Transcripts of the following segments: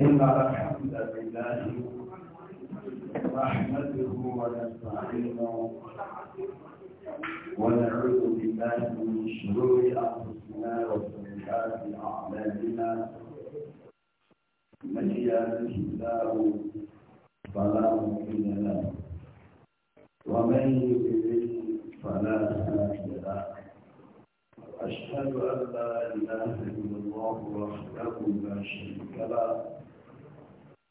إن الحمد لله رحمته ونستعينه ونعوذ بالله من شرور أنفسنا وسيئات أعمالنا من يهده الله فلا مضل له ومن يضلل فلا هادي له أشهد أن لا إله إلا الله وحده لا شريك له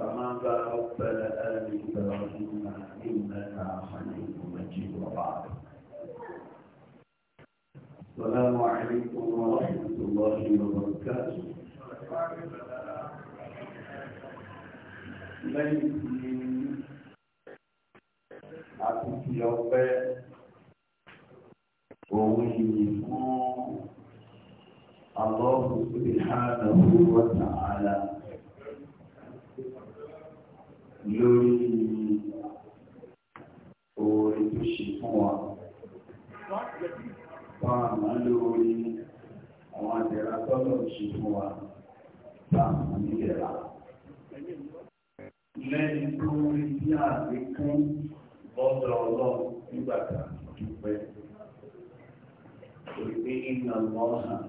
فماذا رب آل إبراهيم إنك حميد مجيد وبعد السلام عليكم ورحمة الله وبركاته lẹ́yìn tí a ti fi ọpẹ́ òun lórí oore tó ṣe fún wa bá àmà lórí àwọn àdẹ̀rà tọ́lọ̀ ṣe fún wa bá àmà nílẹ̀ra lẹ́yìn tó rí bí àlékún bọ́dọ̀ ọlọ́run nígbà tá dúpẹ́ torí pé iná lọ́hàn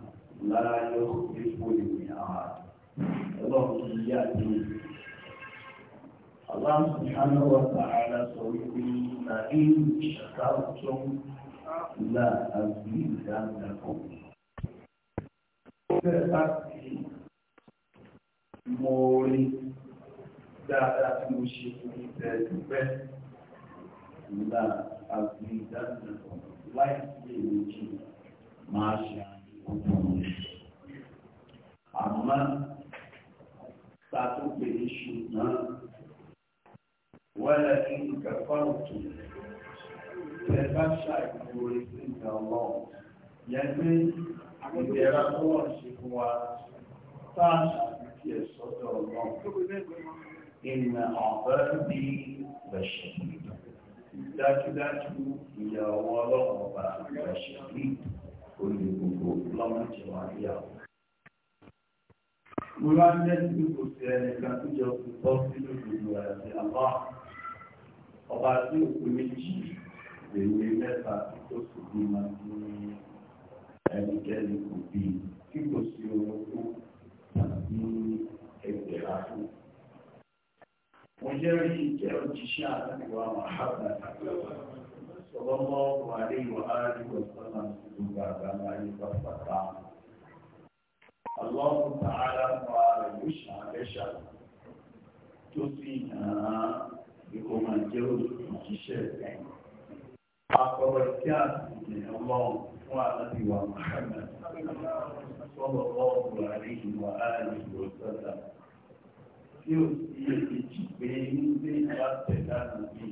lára yóò fi ìrìn àwọn ọlọ́run yíyá ní ìlú. Allah subhanahu wa ta'ala sọ wípé na inú ìṣàkà ọ̀tún ìlà àbí ìdánilẹ́kọ̀ọ́. Bẹ́ẹ̀ bá ti mọ orin dáadáa tí mo ṣe fún ìtẹ́ ìdúpẹ́ ìlà àbí ìdánilẹ́kọ̀ọ́ láì sí èméjì máa ṣe àyíkọ́tọ̀ rẹ̀. Àmọ́ ta tó pè ní ṣùgbọ́n ولئن كفرتم تبشروا رزق الله يعني ìdẹ̀ra tó wọ́n ṣe fún wa táàṣà àti ẹ̀sọ́dọ̀ ọlọ́run ìnà ọ̀bẹ́ bí bẹ̀ṣẹ̀ dájúdájú ìyàwó ọlọ́run ọba bẹ̀ṣẹ̀ rí olè gbogbo lọ́mọdé wa yàwó. mo máa ń jẹ́ sí kò sí ẹnìkan tó jọ bọ́ sínú gbogbo àti àbá ọba tí òkú méjì lèwe mẹ́ta tí kò sì bí máa ní ẹnikẹ́ni kò bí tí kò sí orúkú tàbí ẹgbẹ̀rá fún. mo jẹ́rìí ìjẹ́ òjíṣẹ́ àtàkùwà màhábà sallallahu alaihi wa alihi wa sallam gbogbo àgbàlá ayélujára pàtà. Allahu ta'ala wa alaihi wa sallam tó sì yàn án. ìkó máa jẹ́ òṣìṣẹ́ akọ̀rọ̀ tí a sì ní ọlọ́run fún àlábìwà Muhammad sọ́lọ̀ ọ̀gbọ̀n o àríwá sọ́lá tí ó sì èjì pé ń gbé látẹ̀dá nàbí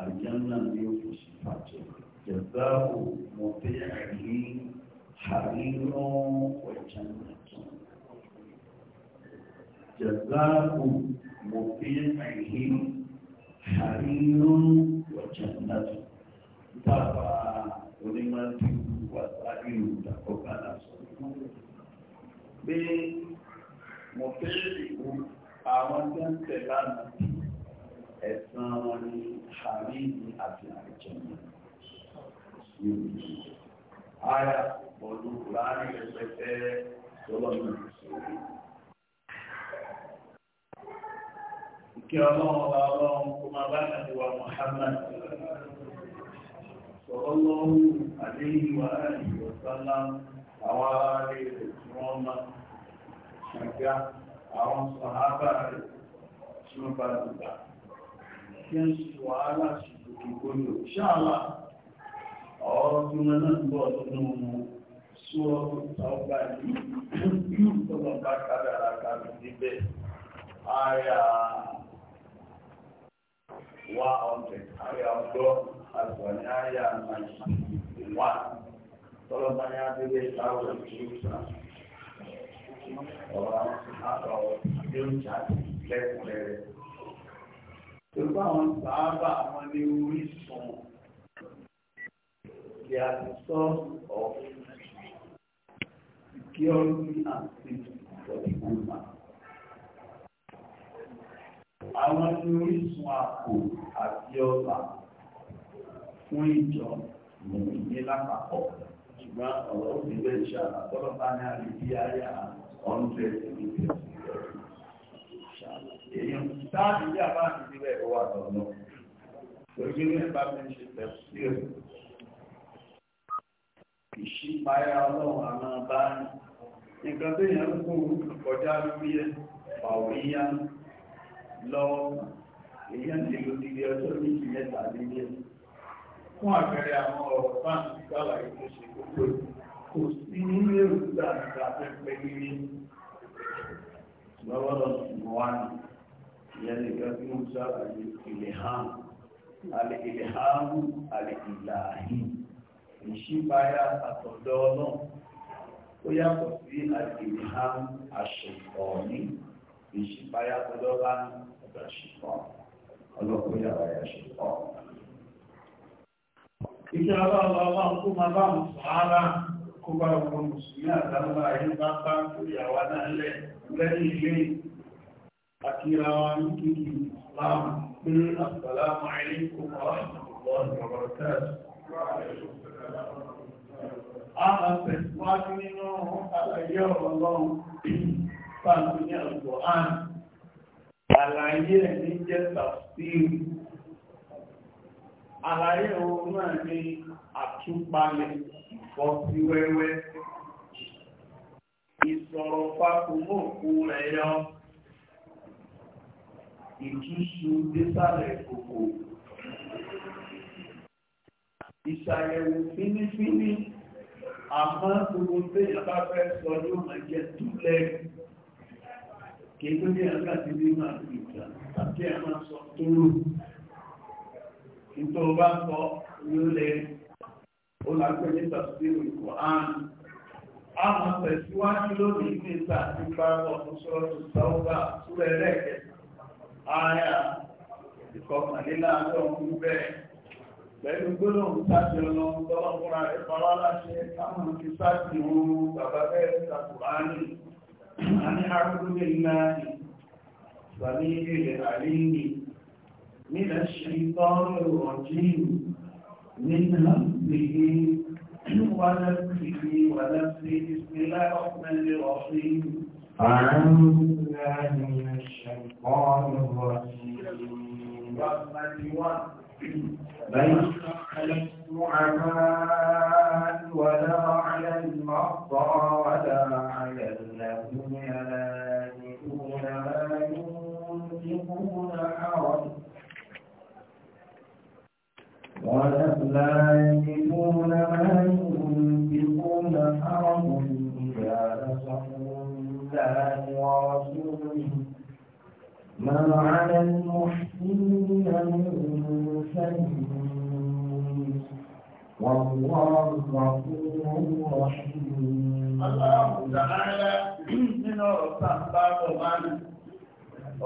àjánná ní oṣù fàjẹ́ jẹ̀bá ò mọ̀ pé àrí àríwá ọ̀jánná tán jẹ̀bá ò mọ̀ pé harirun wajen nasu ba ba onímọ̀tí wà láàrin ìdàkọ́ padà sọ pé mo fẹ́ ìwò àwọn tó ń tẹ̀ lánàá ẹ̀sán wọn ni harirun àti àìjẹ́ Aya ọdún Kùránì ẹgbẹ̀fẹ́ lọ́lọ́mọ̀ ìṣòro kí ọlọ́run ọba ọlọ́run kó máa bá àti wa Muhammad sọ̀rọ̀ lọ́wọ́ àdéhìí wa ìwọ̀sánlá àwọn ará rẹ̀ tí wọ́n máa ṣàgbá àwọn sọ̀hábà rẹ̀ tí wọ́n bá dùgbà kí ń ṣe wàhálà ṣùgbọ́n kíkóyò ṣáàlà ọ̀rọ̀ tí wọ́n náà ń bọ̀ nínú sọ́ọ̀rọ̀ tàbí yìí tó lọ bá kádàrá kábí níbẹ̀ àyà one hundred ayé ọgbọ́ àgbọ̀nì ayé àmàlì one tọ́lọ́mọ ní abẹ́lé ìtawọ̀ ìjọba ọ̀rọ̀ àtọ̀ yóò jáde lẹ́kùnrẹ́rẹ́. Yorùbá àwọn sáábà wọn ní orísun they are the source of security and safety for the woman àwọn ní orísun àpò àti ọ̀tà fún ìjọ ní lápapọ̀ ṣùgbọ́n ọ̀rọ̀ òbí bẹ́ẹ̀ ṣe àtọ́lọ́ bá ní àlè bí ayé ọ̀ndẹ̀ ìdíje èèyàn táàbí bí àbá àti ìdílé ẹ̀kọ́ wà lọ́nà lórí ní ẹ̀bá mi ṣe tẹ̀síọ̀ ìṣípayá ọlọ́run àmọ́ bá ní nǹkan tó yẹn ń kó kọjá lórí ẹ̀ pàwọ́ yíyá lọ èèyàn lè lo dídí ọjọ́ méjì mẹ́ta nílé fún àpẹẹrẹ àwọn ọ̀rọ̀ báńkì sàlàyé tó ṣe kókó kò sí nínú èròjà nípa pẹpẹ nílé lọ́wọ́ lọ ṣùgbọ́n wá ní ìyẹn lè gbà bí wọ́n sàlàyé ilẹ̀ hàn alẹ́ ilẹ̀ hàn alẹ́ ìlàhì ìṣípayá àtọ̀dọ́ náà ó yàtọ̀ sí àgbèrè hàn àṣẹ̀kọ̀ọ́ ní ìṣípayá tó lọ́la ní ọ̀dọ̀ ṣìkọ́ ọlọ́kọ̀ yàrá yà ṣìkọ́. Ìṣẹ́ ọlọ́ọ̀lọ́ ọlọ́run kó máa bá wọn sọ ara kó bá wọn mùsùlùmí àtàlọ́lá yìí bá bá lórí àwa náà lẹ̀ lẹ́yìn ilé àkíra wa ní kíkì Islam pé àsàlámù aláìkùm warahmatullahi wabarakatuh. A máa tẹ̀síwájú nínú àlàyé ọ̀rọ̀ ọlọ́run fáwọn ní àgbọ̀ án àlàyé ẹ̀ ní jẹ́ tàfsírì àlàyé òun náà ní àtúpalẹ̀ ìfọ́síwẹ́wẹ́ ìsọ̀rọ̀ papọ̀ mọ́ òkú rẹ̀ yọ ìtúsù désàlẹ̀ kòkò ìṣàyẹ̀wò fínífíní àmọ́ gbogbo tẹ́yà bá fẹ́ sọ yóò máa jẹ́ túlẹ̀ kìí tó ní ẹ̀rọ láti ní máa fi ìjà tàbí ẹ̀ máa sọ tó rò nítorí ó bá sọ ní ó lẹ ó là ń pè ní tàbílù ìkọ̀ áàrùn àwọn tẹ̀síwájú lónìí ní ìta àti ìparapọ̀ tó sọ̀rọ̀ tó sáwọ́gbà súrẹ̀ rẹ̀ ààyà ìkọkànléláàádọ́rùn-ún bẹ́ẹ̀ pẹ̀lú gbólóhùn sáàtì ọlọ́run tọ́lọ́kùnrin rẹ̀ pàwọ́ táwọn ti sáàtì òun bàbá bẹ́ẹ̀ sàkùránì أن أعوذ بالله سميع العليم من الشيطان الرجيم من همزه ونفسه ونفسه بسم الله الرحمن الرحيم أعوذ بالله من الشيطان الرجيم ليس على السعماء ولا على المرضى ولا على الملائكون ما ينفقون حرج ولا يملكون ما ينفقون حرج إذا نصحوا الله ورسوله ما على المحسنين من سبيل والله غفور رحيم aláàbò dáadáa nínú ọ̀rọ̀ sáàbá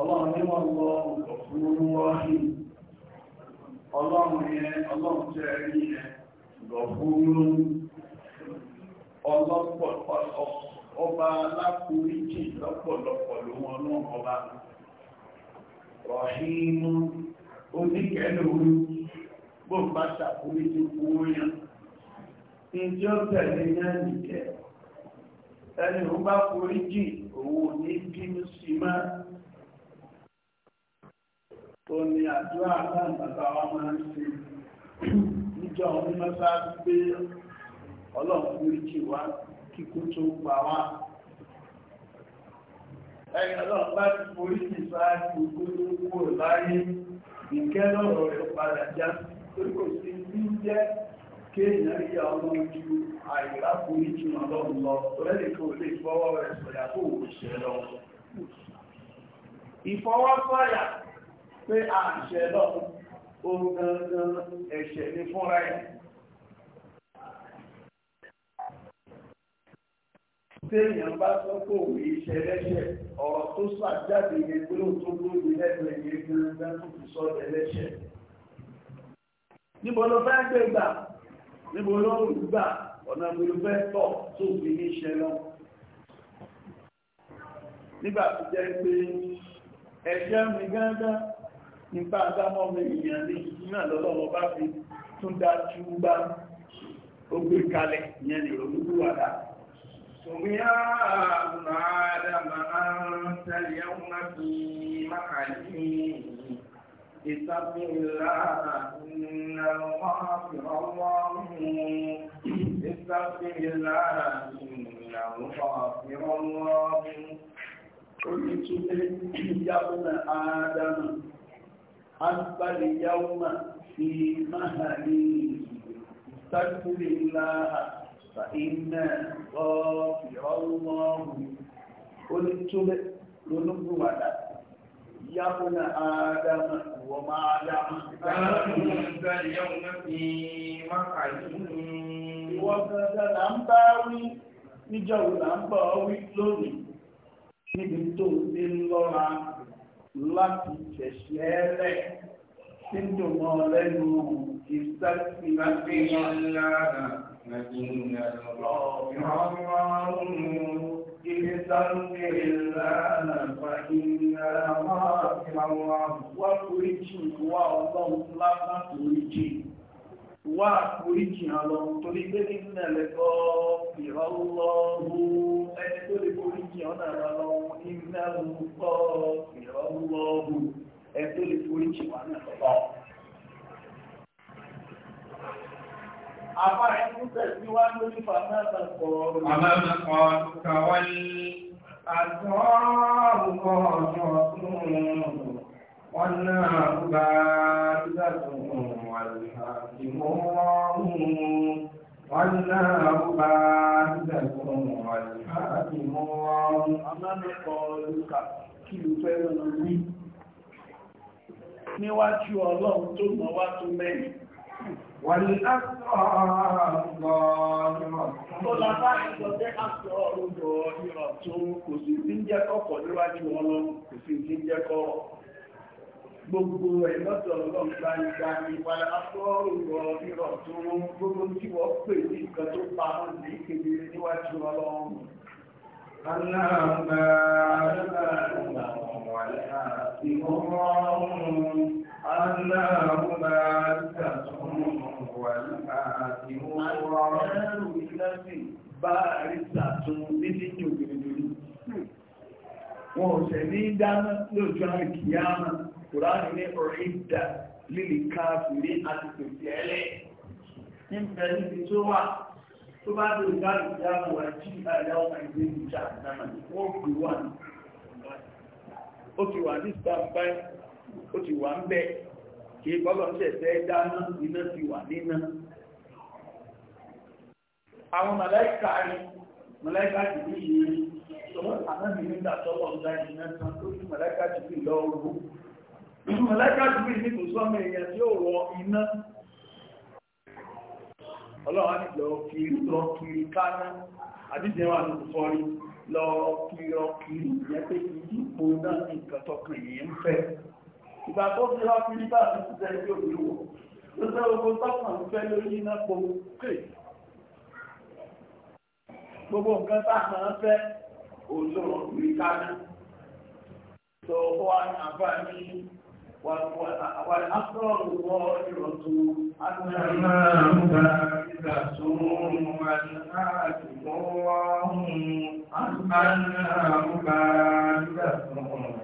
ọlọ́run ní wọ́n lọ òfurufú wọ́ọ̀hì ọlọ́run yẹn ọlọ́run jẹ́ rí yẹn lọ́fúrú ọlọ́pọ̀ ọba alákòóríjì lọ́pọ̀lọpọ̀ ló wọn ọba ẹni ò bá forí jì òun ò ní bínú sí mọ́ ó ní àdúrà náà bàbá wa máa ń ṣe níjọ́ òun pé ọlọ́run forí jì wá kíkú tó pa wá ẹ̀yìn ọlọ́run bá ti forí jì sáájú kúrò láyé ìkẹ́lọ́rọ̀ rẹ̀ padà já kéèyàn rí ọmọ ojú àìlápò níjùmọ̀ lọ́rùn lọ tọ́lẹ́lẹ̀ kò lè fọwọ́ rẹ̀ sọ̀yà tó òṣẹ́ lọ. ìfọwọ́sọ̀yà pé a ṣẹ lọ ohun gangan ẹ̀ṣẹ̀ ní fúnra ẹ̀. téèyàn bá sọ pé òun iṣẹ́ lẹ́ṣẹ̀ ọ̀rọ̀ tó sàjáde yẹn gbólóhùn tó gbóògbé lẹ́nu ẹ̀yẹ gangan tó fi sọ́ọ̀dẹ̀ lẹ́ṣẹ̀. níbo ló fẹ́ gbé níbo lọ́rùn gbà ọ̀nà ìgbòlùfẹ́ tọ̀ tó fi ní iṣẹ́ lọ nígbà tó jẹ́ pé ẹ̀ṣẹ́ mi gángan nípa àdámọ́ mi ìyàn ní ìsinmi àlọ́lọ́wọ́ bá fi tún dájú bá ó gbé kalẹ̀ ìyẹn ní ìrònúkú wàdà Sòmíyá àbùnà àdàmà ń tẹ̀lé ọmọ bíi mákàlí اتق الله إن الله الله استغفر الله إنه غفور رحيم قلت يا يوم آدم أنت اليوم في مهلي استغفر الله فإن غفر الله قلت لنبوة يوم آدم وما يعلم ذلك اليوم في مقعده ìwọ́gbẹ́gbẹ́ là ń bá wí níjọ́ là ń bá wí lónìí níbi tó ti ń lọ́ra láti ṣẹ̀ṣẹ̀ rẹ̀ tí ń dùn mọ́ lẹ́nu ìsáàtìmágbé wọn lára. Nàìjíríà lọ́wọ́ ìrànlọ́rùn-ún. استغفر الله فإنا غافر الله وكريتي والله لا كريتي wá àforíjì àlọ́ torí pé ní ìrìnlẹ̀ kọ́ ìrọ́lọ́rù ẹni tó lè foríjì ọ̀nà àlọ́ ìrìnlẹ̀ ẹni tó lè foríjì wà náà lọ́wọ́. Àbára ẹni tẹ̀sí wá lórí fàmẹ́ta kọ̀ọ̀rọ̀. Àbára kọ̀ọ̀rọ̀ kàwáyé àtọ́rọ̀ kọ̀ọ̀rọ̀ ọ̀tún wọ́n náà bá ìdàtún wàlìhàkìmọ́rún. Wọ́n náà bá ìdàtún wàlìhàkìmọ́rún. Àbára kọ̀ọ̀rọ̀ kí ló fẹ́ lọ́nà wí? Níwájú ọlọ́run tó mọ̀ wá tó mẹ́rin. والأسرار ظاهرة Tọ́lápá ìjọdẹ́ àṣọ orúkọ ìrọ̀ tó kò sí tí ń jẹ́ kọ́kọ̀ níwájú wọn lọ, kò sí tí ń jẹ́ kọ́. Gbogbo ẹ̀ lọ́dọ̀ ọlọ́run gbangba ni wà láṣọ orúkọ ìrọ̀ tó gbogbo tí wọ́n pè ní nǹkan tó pamọ́ ní kedere níwájú ọlọ́run. Wọ́n ọ̀sẹ̀ ní dáná lójú àkìyàmà, Kùránì ní ọ̀rìdà lílì káàkì ní àtìkò sí ẹlẹ́. Ní bẹ̀rẹ̀ níbi tó wà, tó bá tó ìgbàlùjáàmà wà jí àyàwó àìgbé ìjà àdámà, Ó ti wà ní kí kọ́lọ̀ ṣẹ̀ṣẹ̀ dáná iná ti wà níná àwọn màláìkà rí màláìkà ti bí ìyẹn tọ́wọ́ àmọ́bí nígbà tọ́lọ̀ ń dá iná tán tó ti bí lọ ogun ti bí ní kò sọ́mọ èèyàn tí ó wọ iná lọ kiri lọ kiri lọ kiri lọ kiri ìyẹn pé ìgbà tó fi wá fi bá ti ṣiṣẹ́ ilé òbí wọ̀ ló sọ gbogbo tọ́kàn fẹ́ lórí iná po pè gbogbo nǹkan táwọn fẹ́ òṣòro rí kájú tó wà ní àbáyé والأسرار ظاهرة أنها مباركة والآت الله أنها مباركة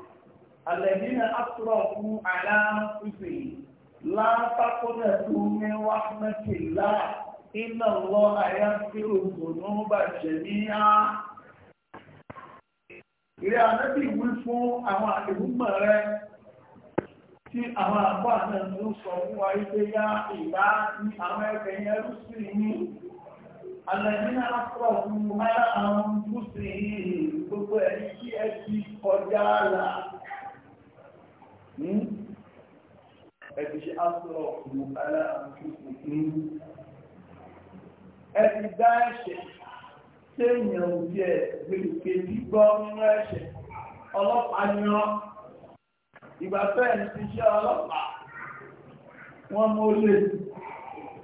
الذين أسرفوا على أنفسهم لا تقنطوا من رحمة الله إن الله يغفر الذنوب جميعا ìrẹ́ ànábì wí fún àwọn àdìgúnmọ̀ rẹ tí àwọn àgbà náà sọ fún wa wípé yá ìbá ní àwọn ẹgbẹ̀ yẹn rú sí ní alẹ́mínà pọ̀ fún ara àwọn gúúsì gbogbo ẹ ti kọjá là Hmm? ẹ̀tì ṣe asọ̀rọ̀ ọ̀pọ̀ aláàmùsùn ìgbà fẹ́ẹ̀ ń ṣiṣẹ́ ọlọ́pàá wọ́n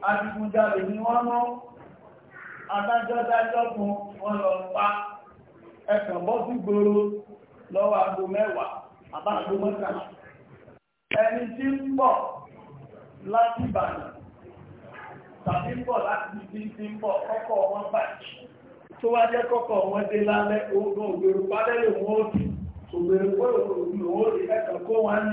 adigunjalè ni wọ́n mú adájọ́ fún wọn lọ pa ẹ̀kàn sí gbòòrò lọ́wọ́ ẹni tí ń bọ̀ láti ìbàdàn tàbí ń bọ̀ láti tí ń kọ́kọ́ wọn bàjì tó wá jẹ́ kọ́kọ́ wọn dé lálẹ́ ogun ògbèrú pálẹ́lẹ̀ wọn ó dì ògbèrú pé ó rí ẹ̀kọ́ wọ́n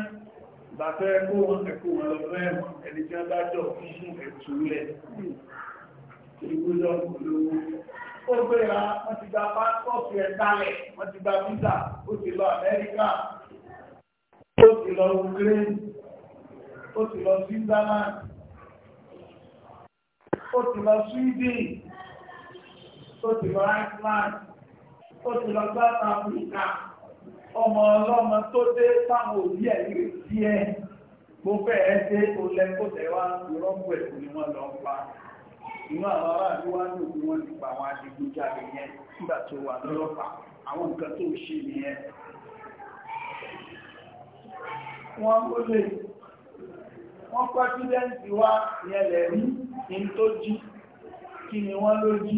ti gba pásítọ̀ọ̀tì ẹ̀ dálẹ̀ gba visa ó ti lọ Amẹ́ríkà ó ti lọ Ukraine ó ti lọ Switzerland ó ti lọ Sweden ó ti lọ Iceland ó ti lọ South Africa ọmọ ọlọ́mọ tó dé táwọn òbí ẹ̀ rí sí ẹ̀ mo fẹ́ ẹ dé olẹ́ kó tẹ̀ wá rọ́pò ẹ̀kú ni wọ́n lọ pa inú àwọn aráàlú wá ní òbí wọn nípa àwọn adigunjalè yẹn nígbà tó wà lọ́lọ́pàá àwọn nǹkan tó ṣe nìyẹn wọ́n ó lè wọ́n pẹ́sidẹ́ntì wá yẹlẹ̀ rí ní tó jí kí ni wọ́n ló jí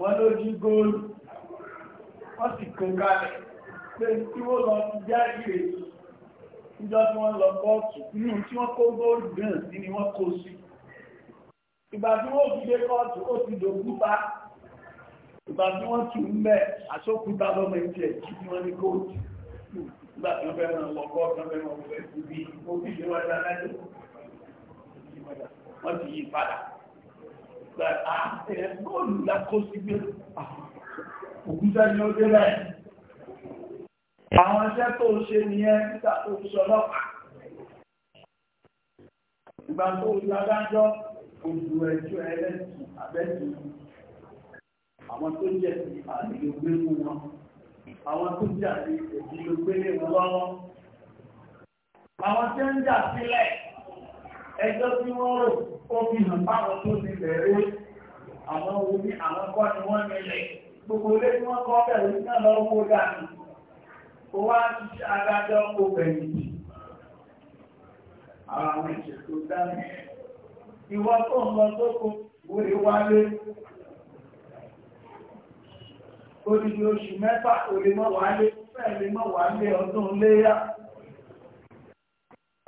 wọ́n ló jí góòlù wọ́n sì kó kalẹ̀ pé tí wọ́n lọ jẹ́ ìrè níjọ́ tí wọ́n lọ bọ́ọ̀tù nínú tí wọ́n kó góòlù gan sí ni wọ́n kó sí ìgbà tí wọ́n fi dé kóòtù ó ti dòkúta ìgbà tí wọ́n tù ń bẹ̀ àsókúta lọ́mọ ìjẹ̀ tí wọ́n ní kóòtù nígbà tí wọ́n fẹ́ràn ọkọ̀ tó fẹ́ràn ọkọ̀ ìbí òbí ṣe wọ́n dá lájú wọ́n ti yí padà gba ah, àtẹ bọ́ọ̀lù lákòsígbé ah, òkúta ni ó dé láì àwọn iṣẹ́ tó ṣe nìyẹn nígbà tó sọ lọ́pàá ìgbà tó ládájọ́ òjò ẹjọ́ ẹlẹ́sìn abẹ́sìn àwọn tó jẹ́ àlè ògbé fún wọn àwọn tó ń jà sí òbí ló gbélé wọn lọ́wọ́ àwọn tí ń jà sílẹ̀ ẹjọ́ tí wọ́n rò ó fi hàn báwọn tó ti bẹ̀rẹ̀ àwọn wo ní àwọn kọ́ ni wọ́n nílẹ̀ gbogbo ilé tí wọ́n kọ́ bẹ̀rẹ̀ ní náà lọ́wọ́ kó dànù ó wá ṣiṣẹ́ adájọ́ kó bẹ̀yìn àwọn ìṣètò dání ìwọ tó ń lọ sóko wúri wálé oríṣi oṣù mẹ́fà orí mọ́wàálé ọdún léyà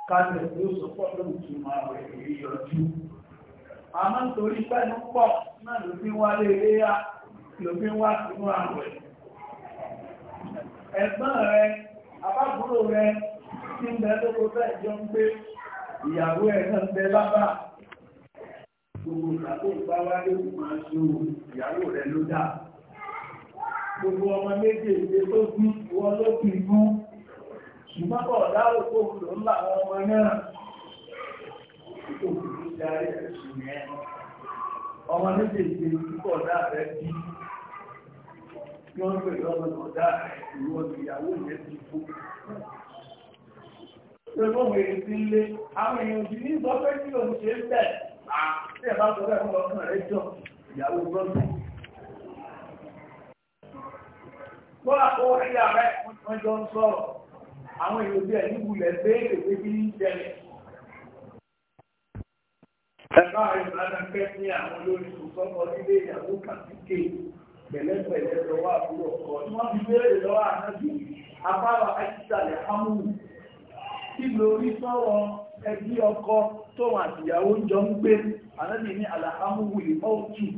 kalẹ̀ yóò sọ pọ́lọ̀ ìtumọ̀ rẹ̀ èyí yọjú àmọ́ nítorí pẹ́nu pọ̀ náà ló fi wá lé léyà ló fi wá sínú àwẹ̀ ẹ̀gbọ́n rẹ̀ àbábúrò rẹ̀ tí ń bẹ lóko bẹ́ẹ̀ jọ ń gbé ìyàwó ẹ̀ náà bẹ lábà gbogbo ìgbà tó bá wáyé òun ìyàwó rẹ̀ ló dáa gbogbo ọmọ méjèèjì tó bí ìwọ ló ti mú ṣùgbọ́n bọ̀ dáwò tó lò ń là àwọn ọmọ náà tó kù ní darí yẹn ọmọ méjèèjì púpọ̀ dáàbẹ̀ bí kí wọ́n pè lọ́mọ ọ̀dá ìwọ ìyàwó yẹn ti kú. Gbogbo òwe ti lé àwọn èèyàn ti ní sọ pé òun ṣe ń bẹ̀ àti ẹ̀bá sọ bẹ́ẹ̀ ọkùnrin rẹ̀ jọ ìyàwó gbọ́dọ̀. kọ́lá kó ẹ̀yà rẹ̀ wọ́n jọ ń sọ̀rọ̀ àwọn èrò bí ẹ̀yìn wulẹ̀ béèrè pé kí ní jẹlẹ̀. ẹ̀ka ìbára fẹ́ ní àwọn olórí ìsọ́kọ nílé ìyàwó kàtíkè pẹ̀lẹ́pẹ̀lẹ́ lọ́wọ́ àbúrò ọkọ ni wọ́n fi béèrè lọ́wọ́ ànájú afárá àìsàlẹ̀ hámù kí lórí sọ̀rọ̀ ẹbí ọkọ tóun àtìyàwó jọ ń gbé ànájú ní àlàhámù wùlé ọ̀tún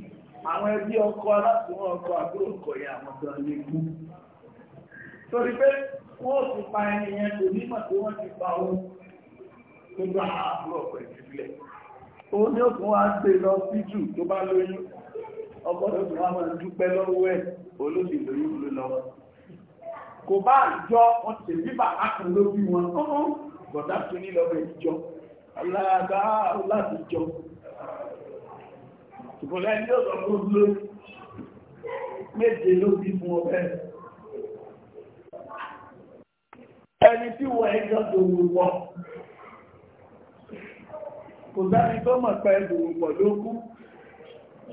àwọn ẹbí ọkọ alákùnrin ọkọ àbúrò ọkọ ìyá àwọn gan lè kú torí pé wọ́n ti pa ẹni yẹn kò nímọ̀ tí wọ́n ti pa ohun tó bá àbúrò ọkọ ìdílé òun ni ó tún wá gbé lọ sí jù tó bá lóyún ọkọ tó tún wá máa dúpẹ́ lọ́wọ́ ẹ̀ olóṣèlú lóyún ló lọ kò bá àjọ wọn ti bíbà ákùn lórí wọn ọ̀hún bọ̀dá tún ní lọ́wọ́ ìjọ ṣùgbọ́n lẹ́ni yóò sọ fún ló méje ló bí fún ọbẹ̀ ẹni tí wọ ẹjọ́ dòwò wọ kò sáni tó mọ̀ pẹ́ dòwò pọ̀ ló kú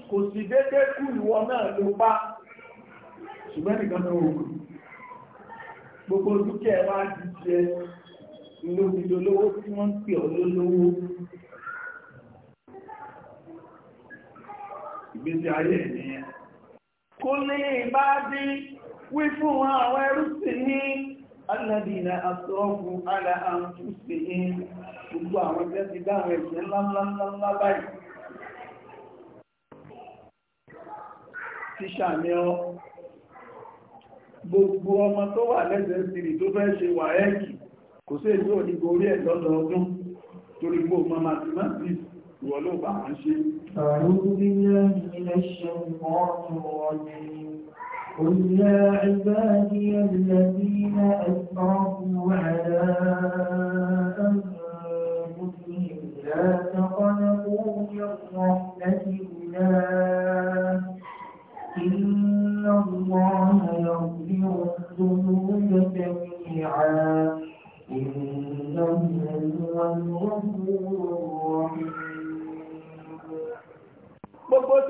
kò sì dédé kú ìwọ náà ló pa ṣùgbọ́n nìkan náà wò gbogbo dúkìá wá di jẹ lóbi tí wọ́n ń pè ọ́ lólówó ìgbésí ayé ìnìyàn kó lè bá dí wí fún àwọn ẹrúsìn ní aládìnà àtọ́ọ̀fù alá àǹtúsì ní gbogbo àwọn tẹ́ ti dáwọn ọrụ ńláńláńlá báyìí tíṣà gbogbo ọmọ tó wà lẹ́sẹ̀ sírì tó fẹ́ ṣe wà ẹ́ẹ̀kì kò sí èdè òdìgbò orí ẹ̀ lọ́dọọdún torí gbogbo ولو بعنشي أعوذ بالله من الشيطان الرجيم قل يا عبادي الذين أسرفوا على أنفسهم لا تقنطوا من رحمة الله إن الله يغفر الذنوب جميعا إنه هو الغفور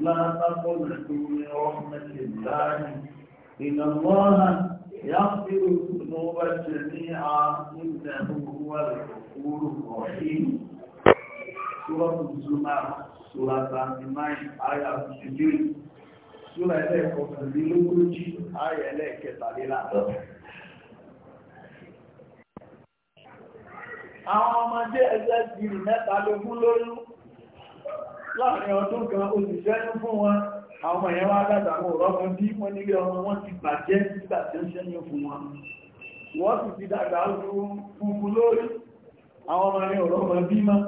لا تقنطوا من رحمة الله إن الله يغفر الذنوب جميعا إنه هو الغفور الرحيم سورة الزمر سورة النمائي آية 23 Súra ẹlẹ́ẹ̀kọkànlélógójì ayẹ ẹlẹ́ẹ̀kẹtàléláàdọ́ta. Àwọn ọmọdé ẹgbẹ́ bìrì mẹ́ta ló mú lóyún láàrin ọdún kan olùṣẹ́nu fún wọn àwọn èèyàn wá dàgbàmù rọ́gbọ́n bí wọ́n nílé ọmọ wọn ti bàjẹ́ nígbà tí ó ṣẹ́nu fún wọn wọ́n ti dàgbà fúnfún lórí àwọn ọmọ rẹ̀ rọ́gbọ́n bí mọ́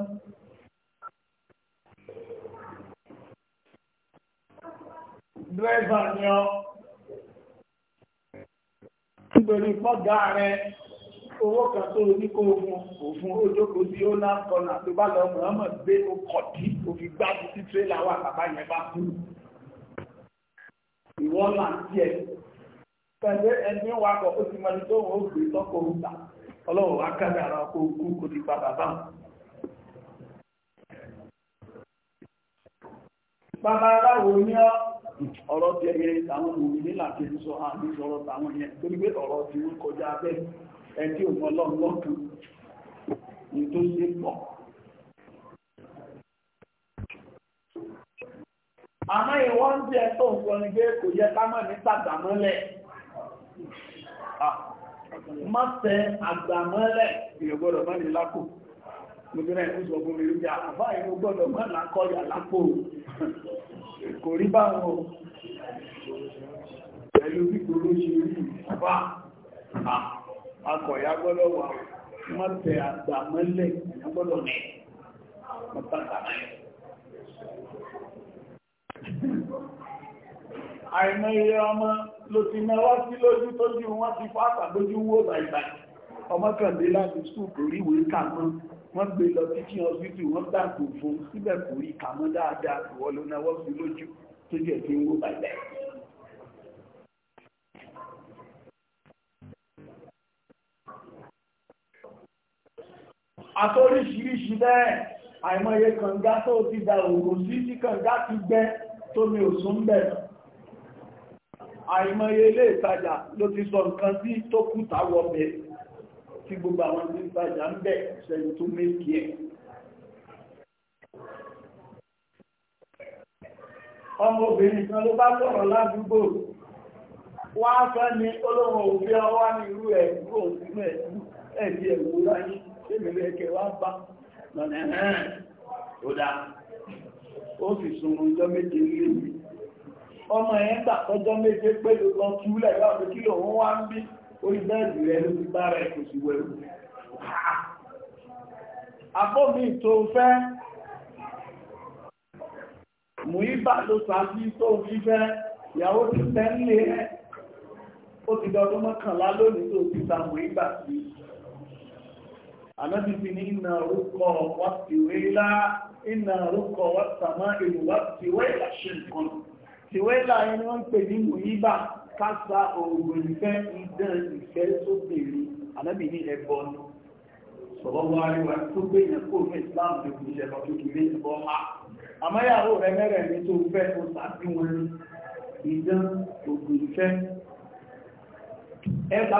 ni ọ owó kan tó ní kó fún òfun ojókòó sí ó náà kọlà tó bá lọ mọ̀ọ́mọ̀ gbé ọkọ̀ dí òfin gbájú sí tírélà wà bàbá yẹn bá kú ìwọ́n là ń tiẹ̀ pẹ̀lú ẹni wakọ̀ ó ti mọ̀lẹ́ tó wọ́n gbé tọ́kọ̀ òkúta ọlọ́run wá kárí ara ọkọ̀ òkú kò ti pa bàbá bàbá aláwo ní ọ̀rọ̀ tiẹ̀ yẹn táwọn òmìnir láti sọ àmì sọ̀rọ̀ táwọn yẹn torí pé ọ̀rọ̀ tí wọ́n kọjá bẹ́ẹ̀ ẹ̀dí òmọ́ lọ́gbọ́n ní tó ṣe pọ̀. àmọ́ ìwọ́n ń jẹ́ tó ń kọrin pé kò yẹ ká mọ̀ ní tàgbàmọ́lẹ̀ mọ́tẹ̀ àgbàmọ́lẹ̀ ìrẹ̀gbọ́dọ̀ mọ́ ní lákò nígbìnà ìfúsọ̀ fún mi ríjà àfá ìlú gbọ́dọ̀ mọ́ làkọ́yà lápò kò rí báwọn pẹ̀lú bí kò ló ṣe rí àfá akọ̀yà gbọ́dọ̀ wà mọ́tẹ̀ àgbà mọ́lẹ̀ ẹ̀yàn gbọ́dọ̀ ní mọ́tàkà àìmọ̀ iye ọmọ ló ti mẹ́wá sí lójú tójú wọ́n ti fọ́ àtàgbójú wó bàìbàì ọmọ kàndé láti skúù kò rí ìwé kàmọ́ wọ́n gbé lọ títí ọsítù wọ́n dàgbò fún síbẹ̀ kò rí kàmọ́ dáadáa ìwọ̀lónáwọ́ sí lójú tójú ẹ̀ fi wó bàìbàì àtóríṣiríṣi bẹ́ẹ̀ àìmọye kànga tó ti da ògò sí tí kànga ti gbẹ tó mi ò sún bẹ̀ àìmọye ilé ìtajà ló ti sọ nǹkan sí tó kúta wọ́bẹ̀ tí gbogbo àwọn ilé ìtajà ń bẹ̀ ṣẹ̀yìn tó méjì ẹ̀ ọmọbìnrin kan ló bá sọ̀rọ̀ ládùúgbò wọ́n fẹ́ ni olóhùn òfin ọwọ́ ní irú ẹ̀ kúrò nínú ẹ̀dí ẹ̀wò láyé tèmìlú ẹkẹ wá bá lọ́nà ẹ̀rẹ́n tó dá ó sì sun ọjọ́ méje nílé mi ọmọ ẹ̀ gbà tọ́jọ́ méje pé ló lọ kí wúlẹ̀ yóò fi kí lòun wá ń bí orí bẹ́ẹ̀dì rẹ̀ ló ti bára ẹ̀ kò sì wẹ̀rù àbọ́mí tó fẹ́ mú ibà ló sàájú tó fífẹ́ ìyàwó ti tẹ́ nílé ẹ̀ ó ti dọdún mọ́kànlá lónìí tó ti ta mú ibà sí i ànábì fi ní iná orúkọ wá tìwé lá iná orúkọ wá sàmá ìlú wá tìwé ìlà ṣe nǹkan tìwé lá yẹn ni wọ́n ń pè ní mùyíbà kásá oògùn ìfẹ́ idán ìfẹ́ sóbìnrin ànábì ní ẹbọ ni sọ̀rọ̀wọ́ àríwá tó gbé ìyàkó ní ẹbọ ní tó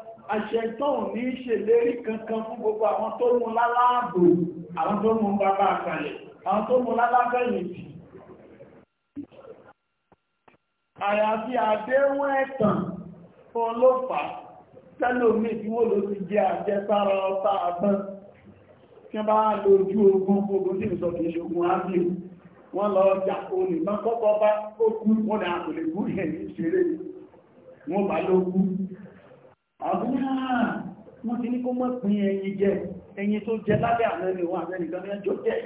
àṣẹ̀tàn ní ṣèlérí kankan fún gbogbo àwọn tó mú láláàbò àwọn tó mú bàbá àkàlẹ̀ àwọn tó mú lálábẹ̀yìntì àyàfi àdéhùn ẹ̀tàn fún ọlọ́pàá tẹ́lòmí ìdíwó ló ti jẹ àjẹsára ọta àbọn tí wọ́n bá lójú ogun ogun tí ìsọ kìí ṣogun ábíò wọ́n lọ ọjà olè mọ́ kọ́kọ́ bá ó kú wọ́n ni àkòlè gúrẹ̀ ní ìṣeré wọ́n bá ló kú àbúrà wọ́n ti ní kó mọ́ pín ẹyin jẹ ẹyin tó jẹ lábẹ́ àmẹ́rin wọn àmẹ́nìkan ní ẹjọ́ jẹ́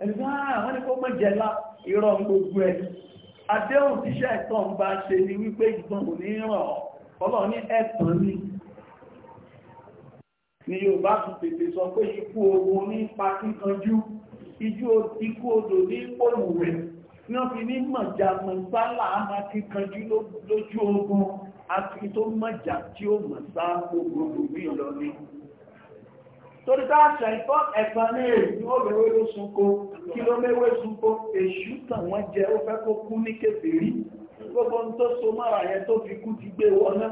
ẹ̀rìnká wọ́n ni kó mọ́ jẹlá ìrọ̀ gbogbo ẹ̀ àdéhùn tíṣẹ́ ẹ̀tàn bá ṣe ní wípé ìgbọ̀n ní ràn ọlọ́ ni Yorùbá tún tètè sọ pé ikú ogun ní pakíkanjú ijú ikú odò ní pòlùwẹ̀ ní wọ́n fi àti tó mọ́jà tí ó mọ̀ sá gbogbo mi lọ ní torí tá àṣà ìtọ́ ẹ̀fà ní èyí ó lówó ló sunko kí ló méwé sunko èṣù tàn wọ́n jẹ ó fẹ́ kó kú ní kèfèrí gbogbo ohun tó so mọ́ra yẹn tó fi kú ti gbé wọn náà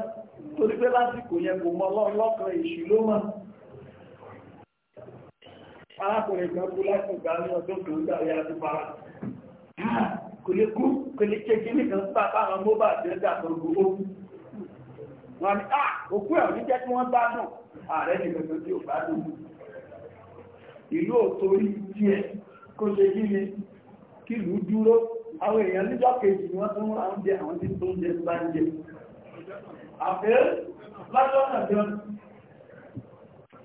torí pé lásìkò yẹn kò mọ lọ́kàn èṣù ló mọ̀ arákùnrin kan kú lásìkò ní ọdún tó ń dàrí àdúgbàrá kò lè kú kò lè ṣe kí nìkan sábà àwọn mobile data tó gbogbo wọ́n ní ah òkú ẹ̀ ní jẹ́ kí wọ́n gbádùn ààrẹ nìkan tó tí ò gbádùn ìlú òtorí díẹ̀ kó ṣe kí ni kí ìlú dúró àwọn èèyàn níjọ́ kejì ni wọ́n tó ń ra oúnjẹ àwọn tí tó ń jẹ bá ń jẹ àfẹ́ lásọ́nà gan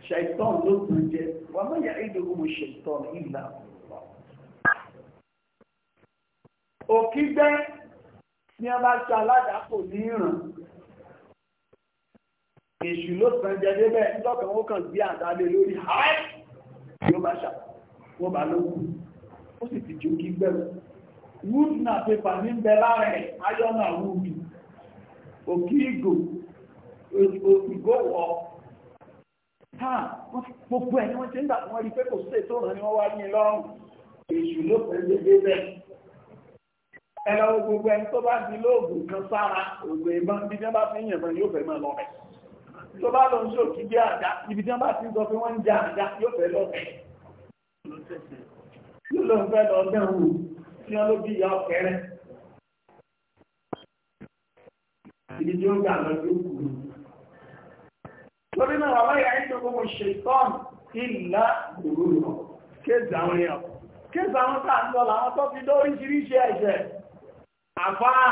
ṣàìtàn ló tún jẹ wà mọ́ ìyá ìdòwò ṣàìtàn ìlà òkígbẹ́ ni a bá ṣe aládàápò ní ìràn èṣù ló sàn jẹ débẹ̀ lọ́kàn ó kàn gbé àdálé lórí àárẹ̀ yóò bá ṣà wọ́n bá ló kù ó sì ti jù kí gbẹ̀rù wood na paper ní bẹ láàrin ayọ́nà wúbi òkí ìgò ìgò wọ̀ táà gbogbo ẹ̀ ni wọ́n ti ń dà wọ́n rí pé kò sí ètò ọ̀nà ni wọ́n wá ní lọ́rùn èṣù ló sàn jẹ débẹ̀ ẹ̀rọ gbogbo ẹni tó bá di lóògùn kan sára òògùn ìbọn bí wọ́n bá fi ń yẹ̀bọn yóò fẹ́ máa lọ tó bá lọ sí òkì bí àdá ibi tí wọ́n bá ti ń sọ pé wọ́n ń jẹ àdá yóò fẹ́ lọ bẹ̀. yóò lọ fẹ́ lọ dán wò tí wọ́n ló bí ìyá ọ̀kẹ́rẹ́. ibi tí ó gbà lọ sí òkú. lórí náà wàá yà ń tó gbogbo ṣètọ́n ìlà gbòòrò kéèzì àwọn èèyàn kéèzì àwọn tá à ń lọ làwọn tó fi lóríṣiríṣi ẹ̀ṣẹ̀ àfáà